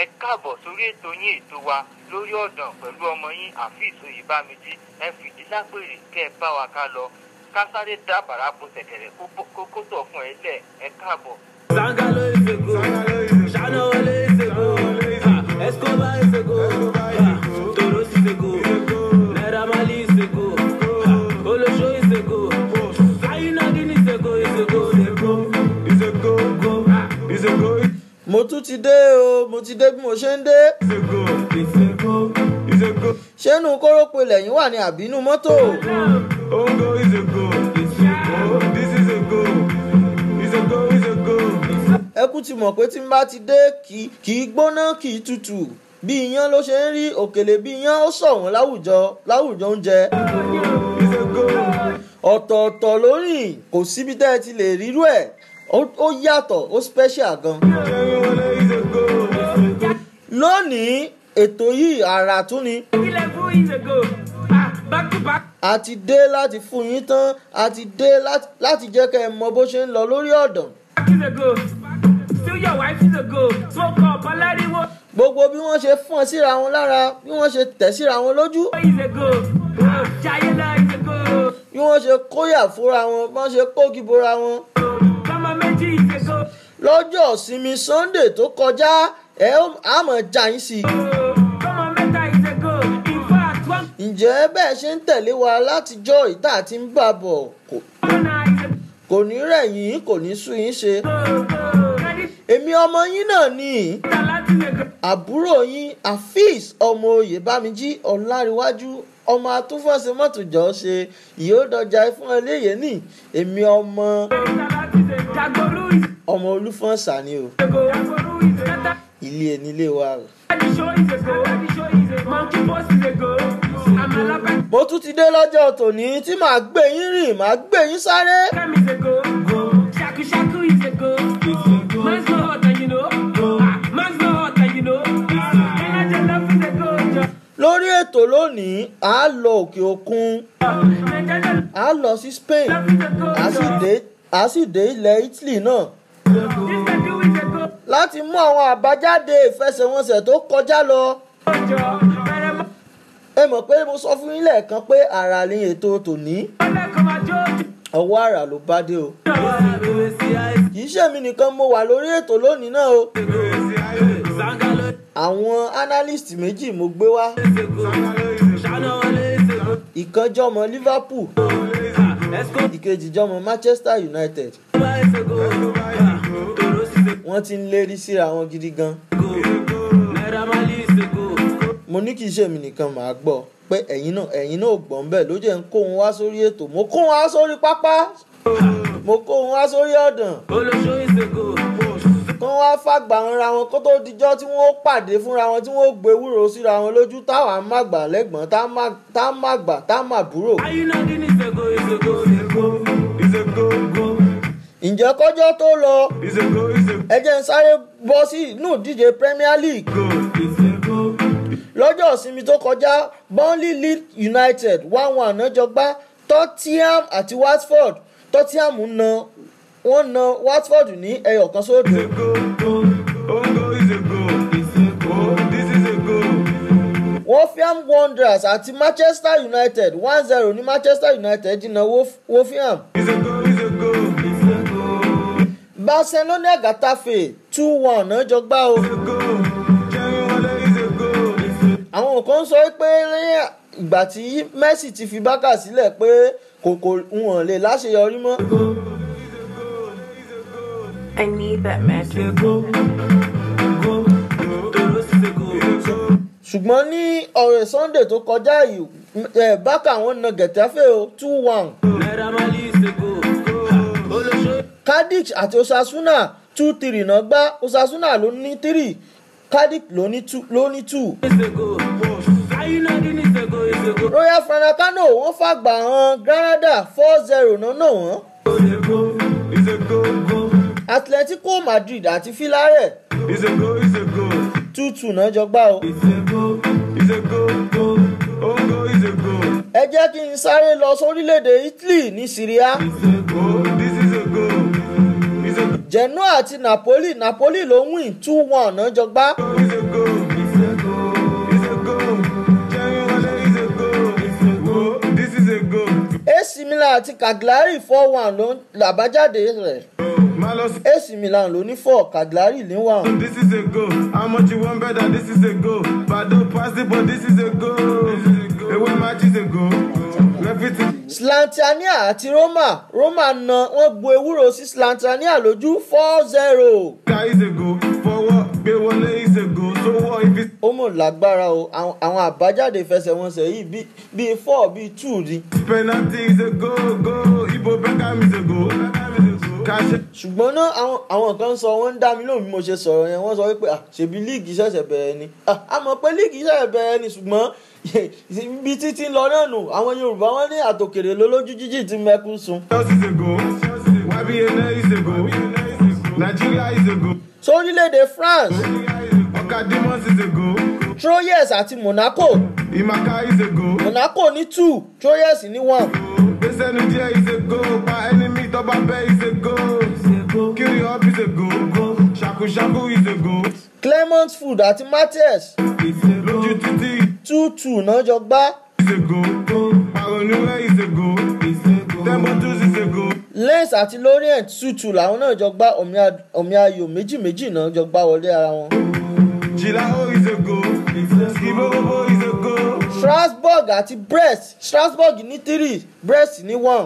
ẹ káàbọ̀ sórí ètò yín ètò wa lórí ọ̀dàn pẹ̀lú ọmọ yín àfíìs oyèbámidí ẹ fìdí lágbèrè kẹ́ ẹ bá wa ká lọ ká sáré dá bàrà bo tẹ̀tẹ̀rẹ̀ kókó tọ̀ fún ẹ lẹ̀ ẹ káàbọ̀. sanga ló ń ṣègò ṣáná wọlé ń ṣègò ẹsikọba ń ṣègò tòró ń ṣègò náírà málí ń ṣègò olóṣó ń ṣègò ayínádé ń ṣègò ìṣègò ìṣègò ìṣègò. mo tún ti dé o mo ti dé bí mo ṣe ń dé. ṣé inú kóró pilẹ̀ yín wà ní àbínú mọ́tò. Oh, ẹkú ti mọ̀ pé tí n bá ti dé kì í gbóná kì í tutù bí iyán ló ṣe ń rí òkèlè bí iyán ó ṣọ̀wọ́n láwùjọ láwùjọ oúnjẹ. ọ̀tọ̀ọ̀tọ̀ ló rìn kò síbi tẹ́ ẹ ti lè rírú ẹ̀ ó yàtọ̀ ó special gan lónìí ètò yìí àrà tún ni. years ago back to back. a ti dé láti fún yín tán a ti dé láti jẹ́ kẹ́ ẹ mọ bó ṣe ń lọ lórí ọ̀dàn. back to the still your wife is a goal smoke up ọlọ́dínwó. gbogbo bí wọ́n ṣe fún ọ síra wọn lára bí wọ́n ṣe tẹ̀ síra wọn lójú. is a goal ṣayé lọ is a goal. bí wọ́n ṣe kóyà fúnra wọn bí wọ́n ṣe kógi bora wọn. ọmọ méjì is a goal. lọ́jọ́ ìsinmi Sunday tó kọjá ẹ á mọ̀ já yín sí i. ǹjẹ́ bẹ́ẹ̀ ṣe ń tẹ̀lé wa látijọ́ ìta àti ń bà bọ̀ kò ní rẹ̀ yín kò ní sú yín ṣe. èmi ọmọ yín náà ni àbúrò yín afis ọmọ oyè bámijí ọ̀làríwájú ọmọ atúfọ̀sẹ̀ mọ́tòjọ́ ṣe ìyódọjà fún eléyè ní èmi ọmọ ọmọ olúfọ̀nsà ni o ilé ẹni lè wà rẹ̀. bó tún ti dé lọ́jọ́ tòní tí màá gbé yín rìn màá gbé yín sáré. lórí ètò lónìí a lọ òkè òkun a lọ sí Spain a sì dé ilẹ̀ Italy náà láti mú àwọn àbájáde ìfẹsẹ̀wọnsẹ̀ tó kọjá lọ. ẹ mọ̀ pé mo sọ fún yín lẹ́ẹ̀kan pé àrà ni ètò tòní ọwọ́ àrà ló bá dé o. kì í ṣèmi nìkan mo wà lórí ètò lónìí náà o. àwọn analyst méjì mo gbé wá. ìkan jọmọ Liverpool ìkejì jọmọ Manchester United wọ́n ti ń lérí síra wọn gidi gan. mo ní kì í ṣèmi nìkan màá gbọ́ pé ẹ̀yin náà ẹ̀yin náà ò gbọ́ ń ló jẹ́ ń kó wọn wá sórí ètò mo kó wọn wá sórí pápá mo kó wọn wá sórí ọ̀dàn kán wá fàgbà ńra wọn kó tó dijọ́ tí wọ́n pàdé fúnra wọn tí wọ́n gbé wúro síra wọn lójú táwọn àmàgbà lẹ́gbọ̀n tá má gbà tá má búrò. ayé náà ǹjẹ́ kọjọ́ tó lọ ẹ jẹ́ n sáré bọ́ sí inú ìdíje Premier League lọ́jọ́ ìsinmi tó kọjá Burnley Leeds United one one ànájọgbá Tottenham àti Watford Tottenham na wọ́n na Watford ní ẹyọ kan sódò. Wolfham Wanderers àti Manchester United one zero ní Manchester United jìnnà Wolfham. Wo Barcelona Getafe two one jọ gbá o. àwọn kan sọ pé ìgbà tí Messi ti fi Barca sílẹ̀ pé kòkò wọn lè láṣeyọrí mọ́. I need that ṣùgbọ́n ní ọ̀rẹ́ Sunday tó kọjá yìí Barca wọn na Getafe o two one. Kadic àti Osasuna two three náà gbá Osasuna ló ní three Kadic ló ní two. Ló ní two. Royal Franacano wọ́n fàgbà hàn Granada four zero nánà wọ́n. Atletico Madrid àti Villarreal two two náà jọ gbá o. ẹ jẹ́ kí n sáré lọ sórílẹ̀‐èdè Italy ní Syria. Is Genoa àti Napoli Napoli ló win two one náà jọ AC Milan àti Cagliari four one ló ń làbájáde rẹ̀. AC Milan ló ní four Cagliari ní one. This is a goal. How much you want better? This is the ball. This is a goal. Ewé match is a goal. Referee slantania àti roma roma na wọ́n gbo ewúro sí slantania lójú four zero. ká ìṣègùn fọwọ́ gbé wọlé ìṣègùn tó wọ́ ibi. ó mọ̀ lágbára o àwọn àbájáde ìfẹsẹ̀wọnsẹ̀ yìí bíi four bíi two ni. penalty ìṣègùn go ibo beckham ìṣègùn ṣùgbọ́n náà àwọn kan sọ wọ́n ń dá mi lóhùn bí mo ṣe sọ̀rọ̀ yẹn wọ́n sọ wípé ah, ṣèbí líìgì ṣẹ̀ṣẹ̀ bẹ̀rẹ̀ ni ah, a mọ̀ pé líìgì ṣẹ̀ṣẹ̀ bẹ̀rẹ̀ ni ṣùgbọ́n ibi títí lọ náà nù àwọn Yorùbá wọn ní àtòkèrè lólójú jíjì ti mẹ́kú sun. so èdè France Troyes àti Monaco Monaco ní two Troyes ní one. gbèsè nu díẹ̀ ìṣègò pa ẹni mi tọ́ bẹ́ ìṣègò. Clement Food àti Matthias two two náà jọ gbá. Lens àti Lorient two two làwọn náà jọ gbá ọ̀mì ayò méjì méjì náà jọ gbá wọlé ara wọn. Strasbourg àti Brest Strasbourg ní three Brest ní one.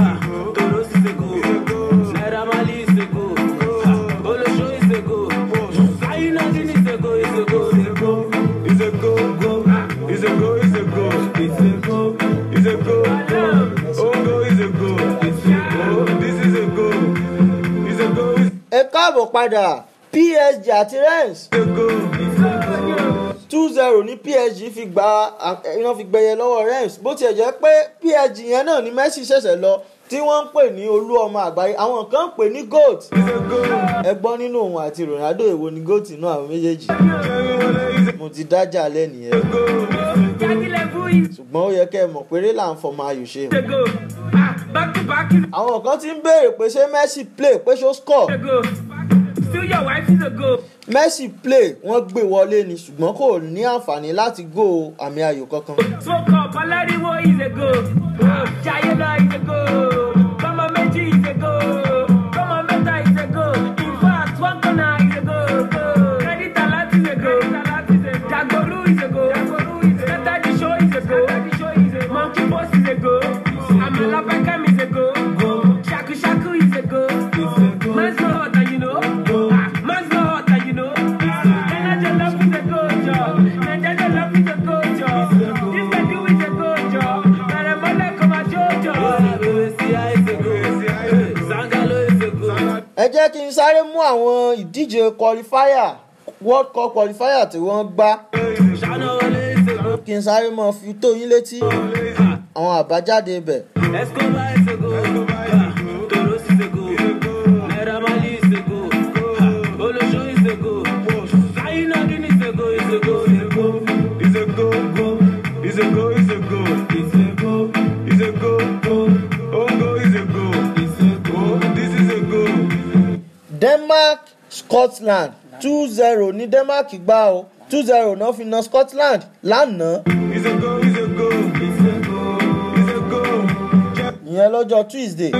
káàbọ̀ padà PSG àti Rennes two zero Ni PSG fi gba iná fi gbẹyẹ lọ́wọ́ Rennes bó tiẹ̀ jẹ́ pé PSG yẹn náà ni Messi ṣẹ̀ṣẹ̀ lọ tí wọ́n ń pè ní olú ọmọ àgbáyé àwọn kan ń pè ní goat ẹ gbọ́ nínú òun àti Ronaldo èwo ni goat inú àwọn méjèèjì mo ti dájà lẹ́nìyẹn ṣùgbọ́n ó yẹ kẹ́ ẹ mọ̀ péré là ń fọmọ ayò ṣe àwọn kan ti ń béèrè pé ṣé Messi play pé ṣó score. Messi play wọ́n gbé wọlé ni ṣùgbọ́n kò ní àǹfààní láti gò àmì ayò kankan. Jayé lọ ìṣègò, bọ́mọ méjì ìṣègò. jẹ́ kí n sáré mú àwọn ìdíje qualifier world cup qualifier tí wọ́n gbá kí n sáré mọ́ fi tó yín létí àwọn àbájáde ibẹ̀. denmark scotland two zero Ni denmark gbá o two zero náà fi na scotland lánàá. ìyẹn lọ́jọ́ tuesday.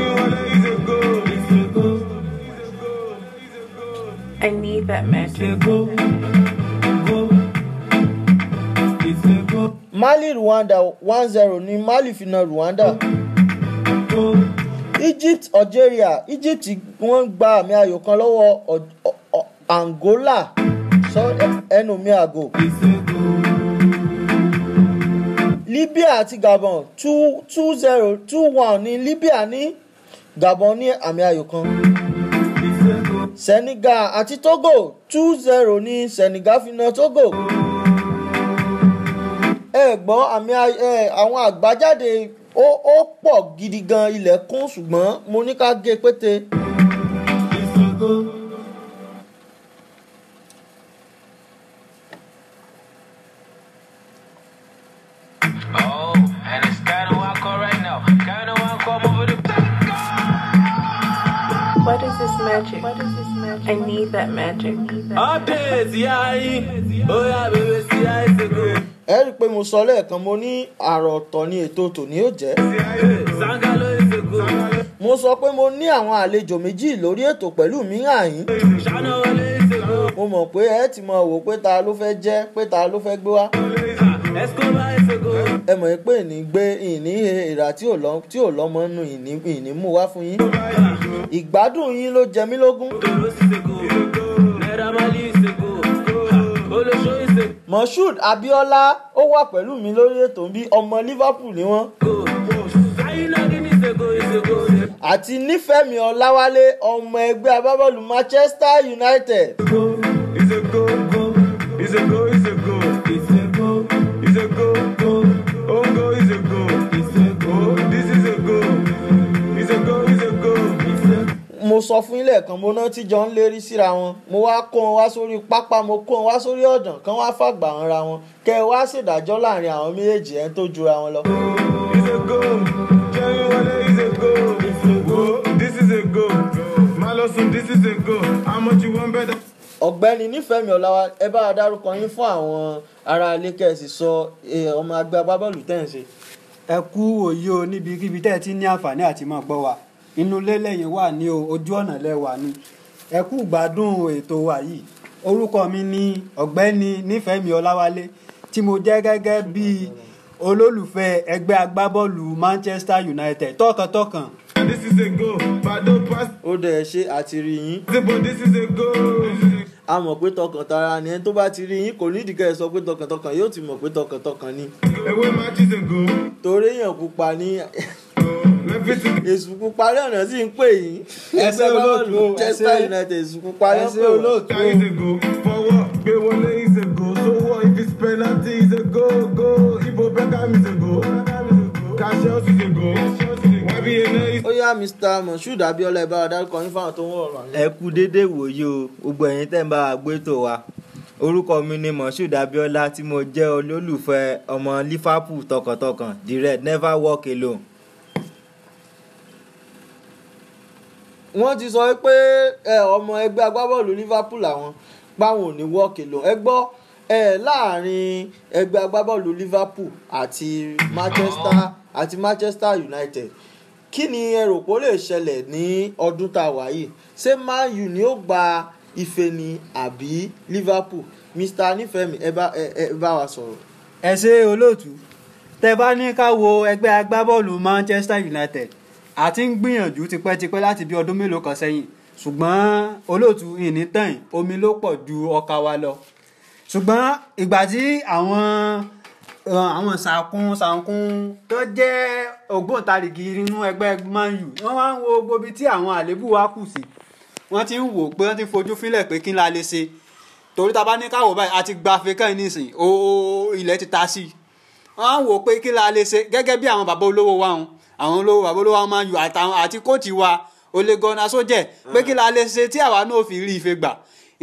I need that magic. Mali Rwanda one zero ni Mali fi na Rwanda. go. Egypt Algeria Egypt wọ́n gba àmì ayò kan lọ́wọ́ Angola sọ ẹnu mi àgò. Libya àti Gabon two two zero two one ni Libya ni Gabon ni àmì ayò kan. Senegal àti Togo two zero ni Senegal fi na Togo. Ẹ gbọ́ àmì àwọn àgbájáde ó ó pọ̀ gidi gan ṣùgbọ́n mo ní ká gé pété. Oh, What is this magic? I need that magic. Oh, ẹ rí i pé mo sọ lẹ́ẹ̀kan mo ní àrọ̀ ọ̀tọ̀ ni ètò tòní ó jẹ́. mo sọ pé mo ní àwọn àlejò méjì lórí ètò pẹ̀lú mi àyín. mo mọ̀ pé ẹ ti mọ̀ wò pé ta ló fẹ́ jẹ́ pé ta ló fẹ́ gbé wá. ẹ mọ̀ pé ìní gbé ìní ìrà tí ò lọ́mọ nù ìní mú wá fún yín. ìgbádùn yín ló jẹ mí lógún. olóṣèlú moshood abiola ó wà pẹ̀lú mi lórí ètò bí ọmọ liverpool ni wọ́n. àti nífẹ̀mí ọláwálé ọmọ ẹgbẹ́ agbábọ́ọ̀lù manchester united. It's sọ fún ilẹ̀ kan mo ná tíjọ ń lérí síra wọn mo wá kó wọn wá sórí pápá mo kó wọn wá sórí ọ̀dàn kán wá fàgbà wọn ra wọn kẹ ẹ wá ṣèdájọ́ láàrin àwọn méjèèjì ẹ̀ ń tó jura wọn lọ. It's a goal. Jerry This is a goal. Malosun, this is a goal. How much you want better? ọ̀gbẹ́ni nífẹ̀mí ọ̀làwà ẹ bá a dárúkọ yín fún àwọn ará ilé kẹ́sì sọ ọmọ ẹgbẹ́ agbábọ́ọ̀lù tẹ̀ ń ṣe. ẹ kú òye o níbikíbi tẹ́ ẹ ti ní àǹfààní àti máa gbọ́ wa inú ilé wà ní ojú ọ̀nà lẹ́wà ni ẹ gbádùn ètò wa yìí orúkọ mi ni ọ̀gbẹ́ni nífẹ̀ẹ́mi ọláwálé tí mo jẹ́ gẹ́gẹ́ bí olólùfẹ́ ẹgbẹ́ agbábọ́ọ̀lù manchester united tọkàntọkàn. this is a goal bado pass. ó dẹ̀ ṣe àtìrí yín. zibo this is a goal a mọ̀ pé tọkàntara ni ẹni tó bá ti rí yín kò ní ìdíkẹ́ ẹ sọ pé tọkàntọkàn yóò ti mọ̀ pé tọkàntọkàn ni. ewé má ti ṣe go. torí èèyàn pupa ní èsùkú parí ọ̀nà sí ń pè yín ẹgbẹ́ bọ́ọ̀lù Chester United èsùkú parí ọ̀nà olóòtú. fọwọ́ gbé wọlé is a goal sọ́wọ́ if penalty is a ibo Beckham is a goal kashel ó yá mr moshood abiola ẹ wa dárúkọ yín fáwọn tó ń wọ̀rọ̀ lẹ. ẹ kú déédéé wòye o gbogbo ẹ̀yin tẹ́ ń bá wa gbé tò wa orúkọ mi ni moshood abiola tí mo jẹ́ olólùfẹ́ ọmọ liverpool tọkàntọkàn the red never walk alone. wọ́n ti sọ pé ọmọ ẹgbẹ́ agbábọ́ọ̀lù Liverpool àwọn páwọn ò ní wọ́ọ̀kì lọ ẹ gbọ́ láàrin ẹgbẹ́ agbábọ́ọ̀lù Liverpool àti Manchester àti Manchester United kí ni ẹ rò pé ó lè ṣẹlẹ̀ ní ọdún tá a wà yìí ṣé Man U ni ó gba ife ni àbí Liverpool Mr. Nífẹ̀mí ẹ bá ẹ bá wa sọ̀rọ̀. ẹ ṣe olóòtú tẹ bá ní ká wo ẹgbẹ́ agbábọ́ọ̀lù Manchester United a ti ń gbìyànjú tipẹ́tipẹ́ láti bí ọdún mélòó kan sẹ́yìn ṣùgbọ́n olóòtú ìní tẹ̀yìn omi ló pọ̀ ju ọkà wa lọ ṣùgbọ́n ìgbà tí àwọn àwọn sàkún sàkún tó jẹ́ ògbóǹtarìgì inú ẹgbẹ́ Man U wọ́n wá ń wo gbogbo ibi tí àwọn àléébù wa kù sí wọ́n ti ń wò pé wọ́n ti fojú fílẹ̀ pé kí n la lè ṣe torí ta bá ní káwọ́ báyìí àti gbàfẹ́ kàn nísìn o ilẹ̀ ti ta sí i wọ́n á wò pé kí la lè ṣe gẹ́gẹ́ bí àwọn bàbá olówó wa hàn àwọn olówó bàbá olówó máa ń yọ àtàwọn àti kóòtù wa olégọ́nà sójẹ́ pé mm. kí la lè ṣe tí àwa náà fi rí ife gbà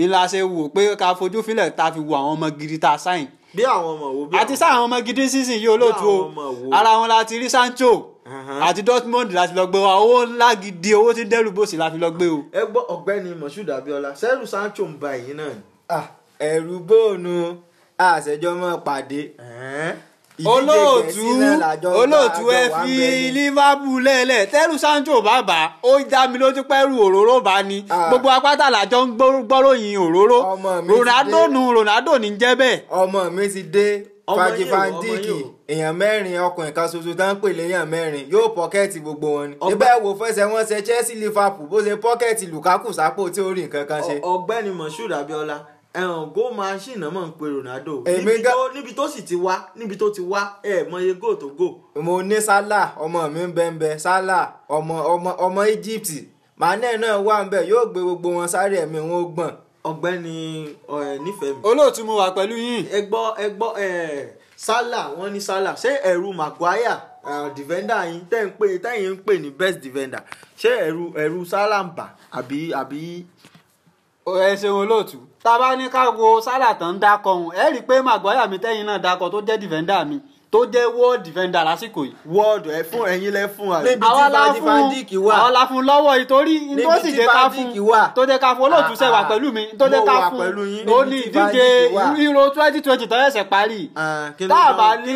ńlá ṣe wò pé ká fojú fílẹ̀ ta fi wo àwọn ọmọ gidi ta sáyìn. bí àwọn ọmọ wo bí àwọn. àti sáwọn ọmọ gidi sísìn yìí olóòtú o ara wọn la ti rí Sancho uh-huh. àti Dortmund láti lọ gbé wa owó ńlá gidi owó tí ń dẹ́rù bòsì la fi lọ gbé o. ẹ gbọ́ ọ̀gbẹ́ni Moshood Abiola sẹ́rù Sancho ń ba èyí náà. Ah, ẹ̀rù bóònù àṣẹjọ́ máa pàdé olóòtú olóòtú ẹ fi liverpool lẹ́lẹ̀ tẹ́rù sancho bàbá ó dá mi lójú pẹ́rù òróró bá ni gbogbo apáta làjọ ń gbọ́ròyìn òróró ronaldo nu ronaldo ní jẹ́ bẹ́ẹ̀. ọmọ mi ti dé fàjì fàndíìkì èèyàn mẹ́rin ọkùnrin kan ṣoṣo tá ń pè léèyàn mẹ́rin yóò pọ́kẹ́ẹ̀tì gbogbo wọn ni. níbẹ̀ wo fẹsẹ̀ wọn ṣe chelsea liverpool bó ṣe pọ́kẹ́ẹ̀tì lukaku sápò tí ó rí nǹkan kan ṣe. ọ̀gbẹ́ni moshood abiola ẹ̀hàn góò machine náà máa ń pe Ronaldo níbi tó sì ti wá níbi tó ti wá ẹ̀ mọye góò tó góò. mo ní Salah ọmọ mi ń bẹ́ńbẹ́ Salah ọmọ ọmọ ọmọ Egypt Mane náà wà ń bẹ̀ yóò gbé gbogbo wọn sáré ẹ̀mí wọn ó gbọ̀n. ọ̀gbẹ́ni nífẹ̀ẹ́ mi. olóòtú mo wà pẹ̀lú yín. ẹ gbọ́ ẹ gbọ́ Salah wọ́n ní Salah ṣé ẹ̀rù Maguire defender yín tẹ́ ń pè tẹ́yìn ń pè ní best defender ṣé ẹ̀rù ẹ̀rù Salah ń bà àbí àbí. ẹ ṣeun olóòtú tá a bá ní ká wo sálà tán dákọ̀ ọ̀hún ẹ rí i pé màgbọ́yà mi tẹ́yìn náà dákọ̀ tó jẹ́ dìfẹ́ńdà mi tó jẹ́ world defender lásìkò yìí. world ẹ fún ẹ̀yin lẹ fún wa. níbi tí Van Dijk wà àwọn la fún lọ́wọ́ ìtorí tó sì jẹ́ ká fún tó jẹ́ ká fún ah, olóòtú sẹ́wà ah. pẹ̀lú mi tó jẹ́ ká fún ó ní ìdíje Euro twenty twenty tó yẹ̀sẹ̀ parí. Ah, táàbà ní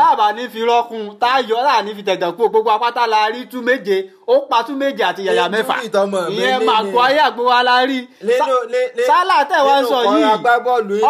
táàbà ní fi rọ́kùn táyọ̀ láà ní fi tẹ̀gàn kú gbogbo apáta la rí tú méje ó pa tú méje àti yàyà mẹ́fà ìyẹn Maguire àgbówá la rí Salah tẹ̀wá sọ yìí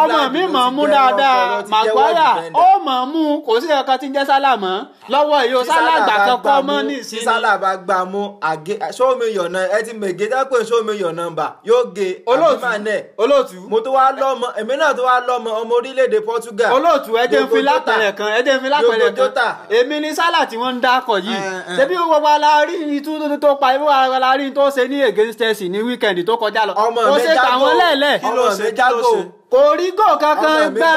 ọmọ mi mọ̀ mú dáadáa Maguire ó mọ̀ mú kò ẹ̀ka tí ń jẹ́ sálà mọ́ lọ́wọ́ yìí o sálà gbà kan kọ́ mọ́ ní ìsinmi. tí sálà bá gbà mú àgé sómi yọ̀nà ẹ ti mègé dápẹ́ sómi yọ̀nà bà yóò ge àbímánẹ̀ olóòtú mo tó wá lọ́mọ èmi náà tó wá lọ́mọ ọmọ orílẹ̀-èdè Portugal. olóòtú ẹ jẹ́ ń fi lápẹ̀rẹ̀ kan ẹ jẹ́ ń fi lápẹ̀rẹ̀ kan èmi ni sálà tí wọ́n ń dákọ̀ yìí ṣebí gbogbo alárí itú tó pa ibú alárí tó ṣe ní against Chelsea ní wíkẹ̀ndì tó kọjá lọ. ọmọ mi jágò ọmọ mi jágò kò rí gò kankan gbá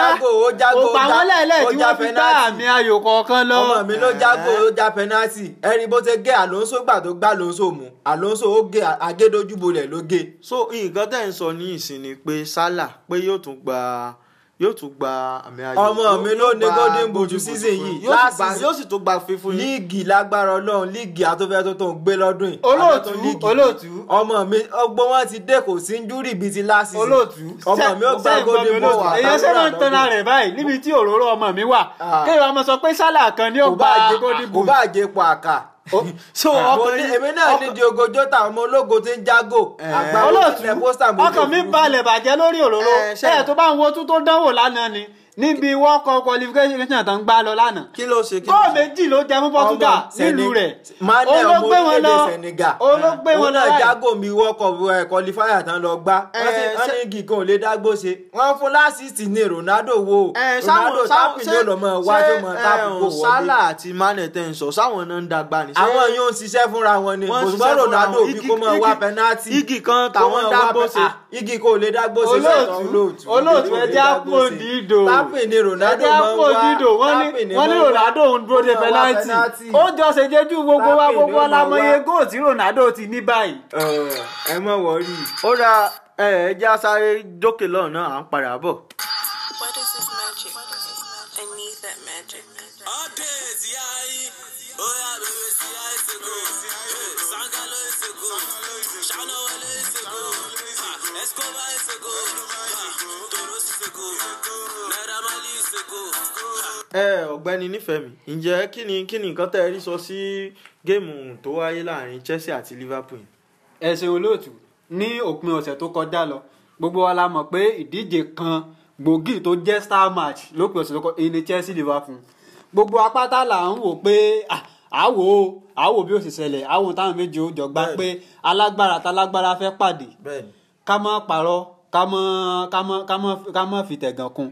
òpá wọn lẹ́lẹ̀ tí wọ́n fi gbá àmì ayò kọ̀ọ̀kan lọ. ọmọ mi ló jágò ó já pẹnátì ẹni bó ṣe gé Alonso gbà tó gbá Alonso mu Alonso ó gé agédójúbolẹ̀ ló gé. so nǹkan tẹ́ ń sọ ní ìsìn ni pé Salah pé yóò tún gba yóò tún gba àmì ayò ọmọ mi ló ní golden boot season yìí láàsì yóò sì tún gba fífún yìí líìgì lágbára ọlọ́run líìgì àtúnfẹ́ tuntun gbé lọ́dún yìí olóòtú olóòtú ọmọ mi ọgbọ́n wọn ti dé kò sí njúrì bíi ti láàsì olóòtú ọmọ mi ó gba golden boot wà. èyí ṣé ló ń tanra rẹ̀ báyìí níbi tí òróró ọmọ mi wà ah. kéèrè ọmọ sọ pé sálà kan ni ó gba golden boot kò bá àjẹpọ̀ àkà so ah, ọkùnrin èmi náà ní di ogójó táwọn ọmọ ológo ti ń jágò eh. àgbà olóòtú ọkàn mi balẹ̀ bàjẹ́ lórí òróró eh, eh, ẹ̀ tó bá ń wo tún tó dánwò lánàá ni níbi world cup qualification tó ń gbá lọ lánàá. kí ló ṣe kí ló ṣe góò méjì ló jẹ fún portugal nílùú rẹ̀ olóògbé wọn lọ olóògbé wọn lọ láì. wọn náà jágò mi world cup eh, qualifier tán lọ gbá eh, wọn ní gígan ò lè dágbó ṣe wọn fún lásìsì ní ronaldo wo eh, ronaldo tápì ló lọ mọ wájú mọ tápì kò wọlé. sálà àti mane tẹ̀ ń sọ sáwọn náà ń dàgbà ní. àwọn yóò ń ṣiṣẹ́ fúnra wọn ni bùsùmọ́ ronaldo bí kò mọ wá penalty igi kan táwọn dágbó ṣe ah, igi kò lè dágbó ṣe sẹ́yìn olóòtú olóòtú ẹ jẹ́ àpò òdì ìdò tápìn ni Ronaldo máa ń wá tápìn ni wọ́n ní Ronaldo ń dúró de penalty ó jọ ṣe jẹ́jú gbogbo wa gbogbo alámọye góò tí Ronaldo ti ní báyìí. ẹ má wọrí. ó ra ẹ̀ẹ́dì asáré jókè lọ́nà à ń padà bọ̀. What is this magic? I need that magic. Oh, a go. Ah, Escobar is a go ẹ ọ̀gbẹ́ni nífẹ̀ẹ́ mi ǹjẹ́ kí ni kí ni nǹkan tẹ́ ẹ rí sọ sí géèmù tó wáyé láàrin Chelsea àti Liverpool. ẹ ṣe olóòtú ní òpin ọ̀sẹ̀ tó kọjá lọ gbogbo wa la mọ̀ pé ìdíje kan gbòógì tó jẹ́ star match lópin ọ̀sẹ̀ tó kọ ẹni Chelsea Liverpool gbogbo apáta là ń wò pé àwò àwò bí ó sì ṣẹlẹ̀ àwọn táwọn méje ó jọ gbá pé alágbára tálágbára fẹ́ pàdé ká má parọ́ ká mọ́ ká mọ́ ká mọ́ ká mọ́ fi tẹ̀gàn kun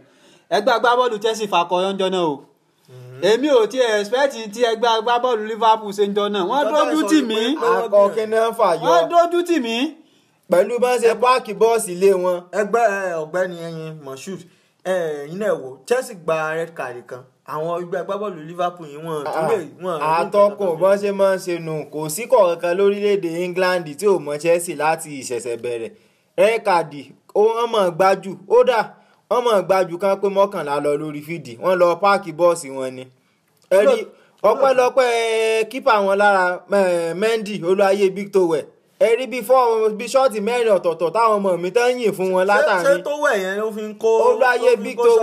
ẹgbẹ́ agbábọ́ọ̀lù Chelsea fakọyọ ń jọ náà o mhm. èmi ò tiẹ̀ expect tí ẹgbẹ́ agbábọ́ọ̀lù Liverpool ṣe ń jọ náà wọ́n dójú tì mí wọ́n dójú tì mí. pẹ̀lú bá ń ṣe páàkì bọ́ọ̀sì ilé wọn. ẹgbẹ́ ọ̀gbẹ́ni ẹyin Moshood ẹ̀yin náà wò Chelsea gba red card kan àwọn ẹgbẹ́ agbábọ́ọ̀lù Liverpool yìí wọ́n ah, túlẹ̀ wọ́n. Ah, àtọkùn bọ́n ṣe máa ń ṣe nù kò sí kọ̀ọ̀kan lórílẹ̀‐èdè England tí ò mọ Chelsea láti ìṣẹ̀ṣẹ̀ bẹ̀rẹ̀ red card wọ́n mọ̀ gbájú ó dà wọ́n mọ̀ gbájú kan pé mọ́kànlá lọ lórí fídì wọ́n lọ páàkì bọ́ọ̀sì wọn ni ẹ̀rí ọpẹ́lọpẹ́ eh, kípa wọn lára eh, Mendy olúwayé Victor ẹ̀rí bíi fọ́ bíi ṣọ́ọ̀tì mẹ́rin ọ̀tọ̀ọ̀tọ̀ táwọn ọmọ mi tán yìn fún wọn látàrí. ṣé tó wẹ̀ yẹn ló fi ń kó. olúwayé Victor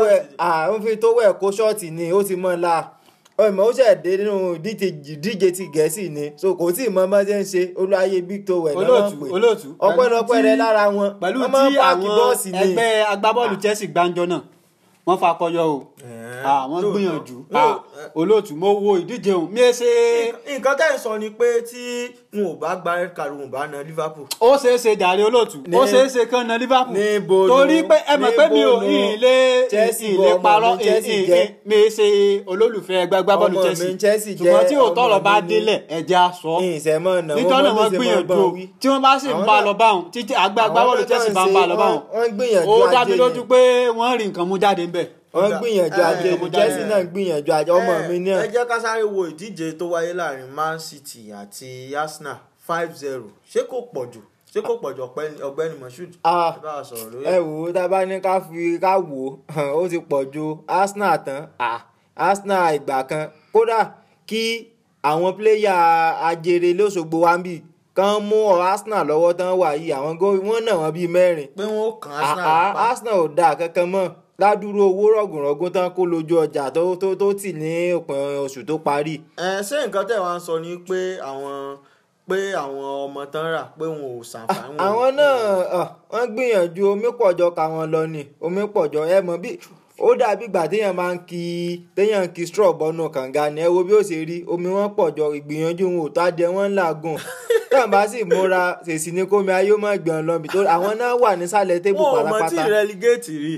ah, ó fi tó wẹ̀ kó ṣọ́ọ̀tì ni ó ti mọ́ la ọmọ ó ṣẹ̀dé nínú díje ti gẹ̀ẹ́sì ni so kò tí ì mọ bá ṣe ń ṣe olúwaye big towel náà pè ọpẹ́lọpẹ́ rẹ lára wọn ọmọ pàkí bọ́ọ̀sì ni pẹ̀lú tí àwọn ẹgbẹ́ agbábọ́ọ̀lù Chelsea gbàǹjọ náà wọ́n fakọyọ o àwọn ah, gbìyànjú ah, olóòtú mo wo ìdíje òun méṣe. nǹkan tẹ́ ẹ̀ sọ ni pé tí n ò bá gba red card n ò bá na Liverpool. ó ṣeé ṣe jàre olóòtú ó ṣeé ṣe kán na Liverpool torí pé ẹ mọ̀ pé mi ò ilé ilé parọ́ méṣe olólùfẹ́ ẹgbẹ́ agbábọ́ọ̀lù Chelsea ṣùgbọ́n tí òótọ́ ọ̀rọ̀ bá délẹ̀ ẹ̀jẹ̀ aṣọ nítorí náà wọ́n gbìyànjú tí wọ́n bá sì ń bá lọ báwọn títí agbábọ́ọ̀lù Chelsea bá ń bá lọ báwọn ó dábí lójú pé wọ́n rí nǹkan mú jáde ń b wọ́n gbìyànjú ajé eh, eh, Chelsea eh, náà gbìyànjú ajé ọmọ mi náà. ẹ jẹ́ ká sáré wo ìdíje tó wáyé láàrin Man City àti Arsenal five zero ṣé kò pọ̀ jù ṣé kò pọ̀jù ọ̀gbẹ́ni Moshood. Ah, ẹ wò ó tá a bá ní ká fi ká wò ó ó ti pọ̀ ju Arsenal tán ah, Arsenal ìgbà kan kódà kí àwọn pléyà ajere lóṣogbo wa ń bì kán mú ọ̀rọ̀ Arsenal lọ́wọ́ tán wà yìí àwọn gómìnà wọn bíi mẹ́rin. pé wọ́n ó kàn ah, Arsenal. Arsenal ò dáa kankan mọ́ ládùúrú owó rọ̀gùnrọ̀gùn tán kó lójú ọjà tó tó tó tì ní òpin oṣù tó parí. ẹ ṣé nǹkan tẹ̀ wá ń sọ ni pé àwọn pé àwọn ọmọ tán rà pé wọn ò ṣàǹfààní. àwọn náà wọ́n gbìyànjú omi pọ̀jọ káwọn lọ ni omi pọ̀jọ ẹ mọ̀ bí ó dàbí ìgbà téèyàn máa ń ki téèyàn ń ki straw bọ́nú kànga ni ẹ wo bí ó ṣe rí omi wọn pọ̀ jọ ìgbìyànjú wọn ò tá jẹ wọn ń làágùn tán bá sì múra ṣèṣì ni kómi ayé mọ̀ gbìyàn lọ́bi tó àwọn náà wà nísàlẹ̀ tébù pátápátá. wọn ò mọ tí rẹligéètì rí.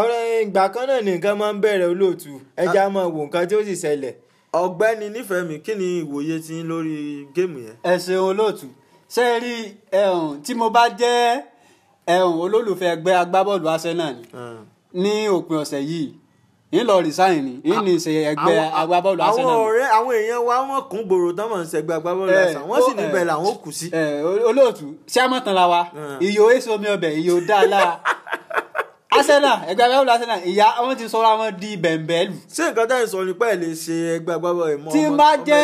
ọ̀rọ̀ ìgbà kan náà ni nǹkan máa ń bẹ̀rẹ̀ olóòtú ẹja máa wò nǹkan tí ó sì ṣẹlẹ̀. ọ̀gbẹ́ni nífẹ̀ẹ́ mi kí ni ìwòye ti ń lórí géèmù yẹn. ẹ ṣeun olóòtú ṣe é rí tí mo bá jẹ́ olólùfẹ́ ẹgbẹ́ agbábọ́ọ̀lù Arsenal ni ní òpin ọ̀sẹ̀ yìí yìí lọ resign ni yìí ní ìṣe ẹgbẹ́ agbábọ́ọ̀lù Arsenal. àwọn ọ̀rẹ́ àwọn èèyàn wa wọ́n kún gbòòrò tán mọ̀ ń ṣẹgbẹ́ agbábọ́ọ̀lù eh, Arsenal wọ́n sì níbẹ̀ eh, làwọn kù sí. Eh, olóòtú ṣé a mọ̀ tán la wa iyo èso omi ọbẹ̀ iyo dáadáa Arsenal ẹgbẹ́ agbábọ́ọ̀lù Arsenal ìyá wọn ti sọra wọn di bẹ̀m̀bẹ̀lù. ṣé nǹkan tá à ń sọ nípa ẹ̀ lè ṣe ẹgbẹ́ agbábọ́ọ̀lù mọ́ ọmọ ọgbẹ́ wọn. tí má jẹ́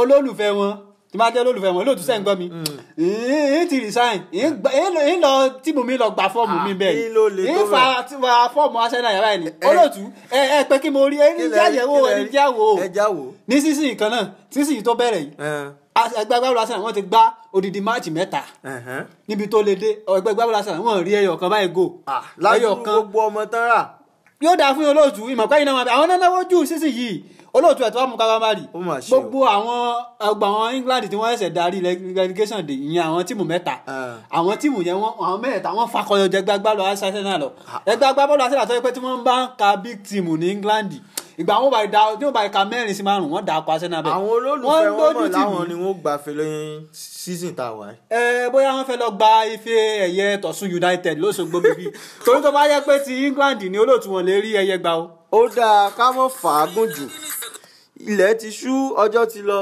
olólùfẹ́ wọn tí máa jẹ́ olólùfẹ́ wọn lóòótọ́ sẹ́ ń gbọ́ mi ń mm. ti resign ń lọ tí mo mi lọ gba fọ́ọ̀mù mi ah, bẹ́ẹ̀ ń fa fọ́ọ̀mù Arsenal yàrá ẹ̀ ní olóòtú ẹ ẹ pé kí mo rí ẹni jáyẹ̀wò ẹni jáwò ní sísìn kan náà sísìn tó bẹ̀rẹ̀ yìí eh. ẹgbẹ́ agbábọ́ọ̀lù Arsenal wọ́n ti gbá odidi máàcì mẹ́ta níbi tó le dé ẹgbẹ́ agbábọ́ọ̀lù Arsenal wọ́n rí ẹyọ kan báyìí gò ah, ẹyọ kan gbogbo ọmọ tán rà yóò dáa fún olóòtú ìmọ̀pẹ́ yìí náà wọn àwọn nánáwó jù sísìn yìí olóòtú ẹ̀ tó wà mú kábàmárì gbogbo àwọn ọgbà àwọn England tí wọ́n ṣẹ̀ṣẹ̀ darí relegation dé ìyẹn àwọn tíìmù mẹ́ta ah. àwọn tíìmù yẹn wọn àwọn mẹ́ta wọn fakọyọ jẹgbàgbà lọ Arsenal lọ ah. ẹgbàgbà bọ́ọ̀lù Arsenal tó yẹ pé tí wọ́n bá ń ka big team ní England ìgbà wọn bá ìdá tí wọn bá ìka mẹ́rin sí márùn wọn dà pa sẹ́nà bẹ́ẹ̀. àwọn olólùfẹ́ wọn mọ̀ láwọn ni wọ́n gbà fẹ́ lóyún season tá a wà. ẹ bóyá wọn fẹ́ lọ gba ife ẹ̀yẹ tọ̀sùn united lọ́sọ̀gbọ́ bíbí torí tó bá yẹ pé ti england ni olóòtú wọn lè rí ẹ̀yẹ gbà o. ó dáa ká mọ̀ fàágùn jù ilẹ̀ ti ṣú ọjọ́ ti lọ.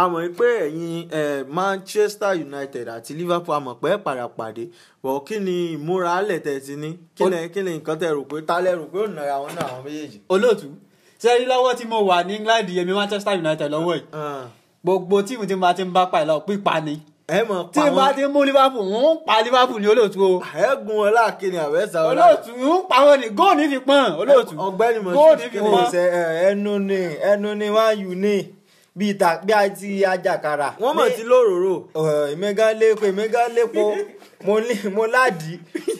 a mọ̀ pé ẹ̀yin Manchester United àti Liverpool a mọ̀ pé padà bọ̀ kí ni ìmúra alẹ̀ tẹ̀ ti ní kí ni nǹkan tẹ̀ rò pé ta lẹ̀ rò pé ó nàra àwọn náà àwọn méjèèjì. olóòtú sẹ́rí lọ́wọ́ tí mo wà ní England yẹmi Manchester United lọ́wọ́ yìí ah. gbogbo tíìmù tí mo bá ti ń bá pa ìlọ pípa ni ẹ mọ̀ pa wọn tí bá ti mú Liverpool ń pa Liverpool ní olóòtú o. ẹ̀ẹ́gùn ọlá kìnìún àbẹ́sà ọlá. olóòtú ń pa wọn ni góòlù fi pọ́n olóòtú. ọgbẹ́ni mọ̀ sí kí ni ẹnu ni ẹnu ni wáyù ni bíi tàbí àti ajakara. wọ́n mọ̀ tí lóròrò. ìmẹ́gá lẹ́kọ̀ọ́ ìmẹ́gá lẹ́kọ̀ọ́ mo láàdì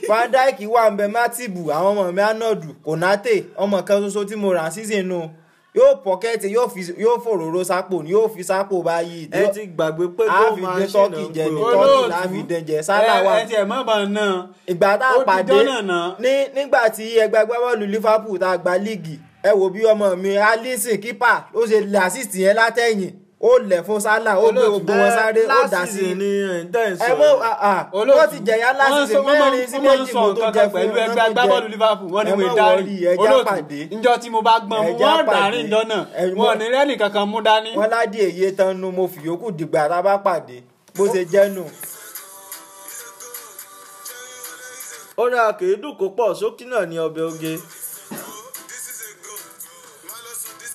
Van Dijk wà ń bẹ Mátìbù àwọn ọmọ mi anọdù Konate ọmọ kan ṣoṣo tí mo rà sísìn nù yóò pọkẹ́tì yóò fòróró sápò ni yóò fi sápò báyìí. ẹ ti gbàgbé pé kó máa ṣe náà pé tọ́kì jẹ ní tọ́kì láfi dẹ̀jẹ̀ sálà wà. ẹ ti ẹ̀ mọ́ bàá náà. ìgbà tá a pàdé nígbà tí ẹgbẹ́ agbábọ́ọ̀lù Liverpool tá a gba líìgì ẹ wò bí ọmọ mi Alisson kípà ó ṣe lè assist yẹn látẹ̀yìn ó lẹ̀ fún sálà ó gbé gbogbo wọn sáré ó dà sí i ẹ mọ ah, ah, wọn ti jẹyà lásìsì mẹ́rin sí méjì mo tó jẹ fún wọn náà jẹ ẹ mọ wọrí ẹja pàdé njọ tí mo bá gbọn mu wọn dàrín njọ náà wọn ní rẹ́ẹ̀lì kankan mú dání. wọn ládìí èyí tán nu mo fìyókù dìgbà tá a bá pàdé bó ṣe jẹ́ nù. ó ní a kì í dùn kó pọ̀ sókí náà ní ọbẹ̀ oge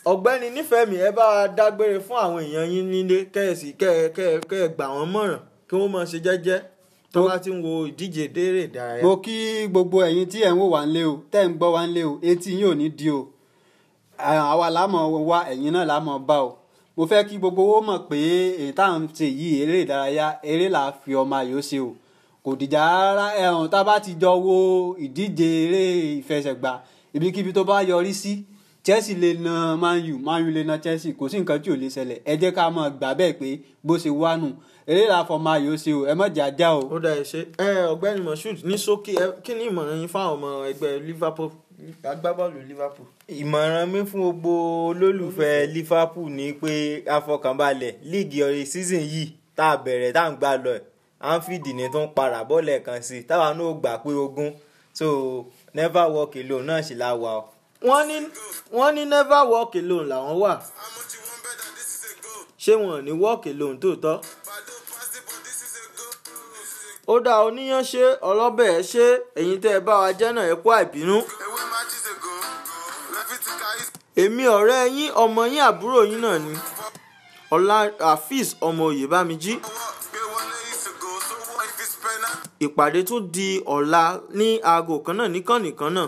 ọ̀gbẹ́ni nífẹ̀mí ẹ bá dágbére fún àwọn èèyàn yín nílé kẹ́ẹ̀sì kẹ́ẹ̀ gbà wọ́n mọ̀ràn kí wọ́n máa ṣe jẹ́jẹ́ tó bá ti ń wo ìdíje déré ìdárayá. mo kí gbogbo ẹ̀yin tí ẹ̀ ń wò wá nílé o tẹ́ ń gbọ́ wá nílé o etí yín ò ní di o àwa lámọ̀ wá ẹ̀yin náà lámọ̀ bá o mo fẹ́ kí gbogbo owó mọ̀ pé èyí tá à ń ṣe yìí eré ìdárayá eré là á fi ọmọ ayò ṣe o kò dìjà rárá ẹ̀hún tá a bá ti jọ wo ìdíje eré ìfẹsẹ̀gbá ibikíbi tó bá yọrí sí. Si Chelsea lè na Man U Man U lè na Chelsea kò sí nǹkan tí ò lè ṣẹlẹ̀ ẹ jẹ́ ká mọ̀ gbà bẹ́ẹ̀ pé bó ṣe wá nù eré làfọ̀ máa yóò ṣe o ẹ mọ̀ jà o. ó dà ẹ ẹ ọ̀gbẹ́ni moshood ní ṣókí ẹ kí ni ìmọ̀ràn yín fáwọn ọmọ ẹgbẹ́ Liverpool agbábọ́ọ̀lù Liverpool. ìmọ̀ràn mi fún gbogbo olólùfẹ́ Liverpool ni pé afọkànbalẹ̀ líìgì ọ̀rẹ́ season yìí tá a bẹ̀rẹ̀ tá à ń gbà lọ Anfield ni tó para bọ́ọ̀lù ẹ̀kan sí táwa náà gbà pé ogún so never walk alone náà sì la wà o wọ́n ní wọ́n ní never walk alone làwọn wà ṣé wọn ò ní walk alone tòótọ́ ó dá oníyàn ṣe ọlọ́bẹ̀ ẹ ṣe ẹ̀yin tẹ́ ẹ bá wa jẹ́ náà ẹ kú àìbínú. èmi ọ̀rẹ́ yín ọmọ yín àbúrò yín náà ni ọlá afis ọmọ òye bá mi jí. ìpàdé tún di ọ̀la ní aago kan náà níkànnì kan náà.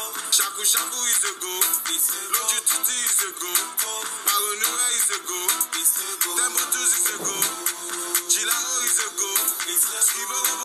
Shaku Shaku is a go. Loju Tutu is a go. Maronura is a go. Dembo is a go. Jilao is a go.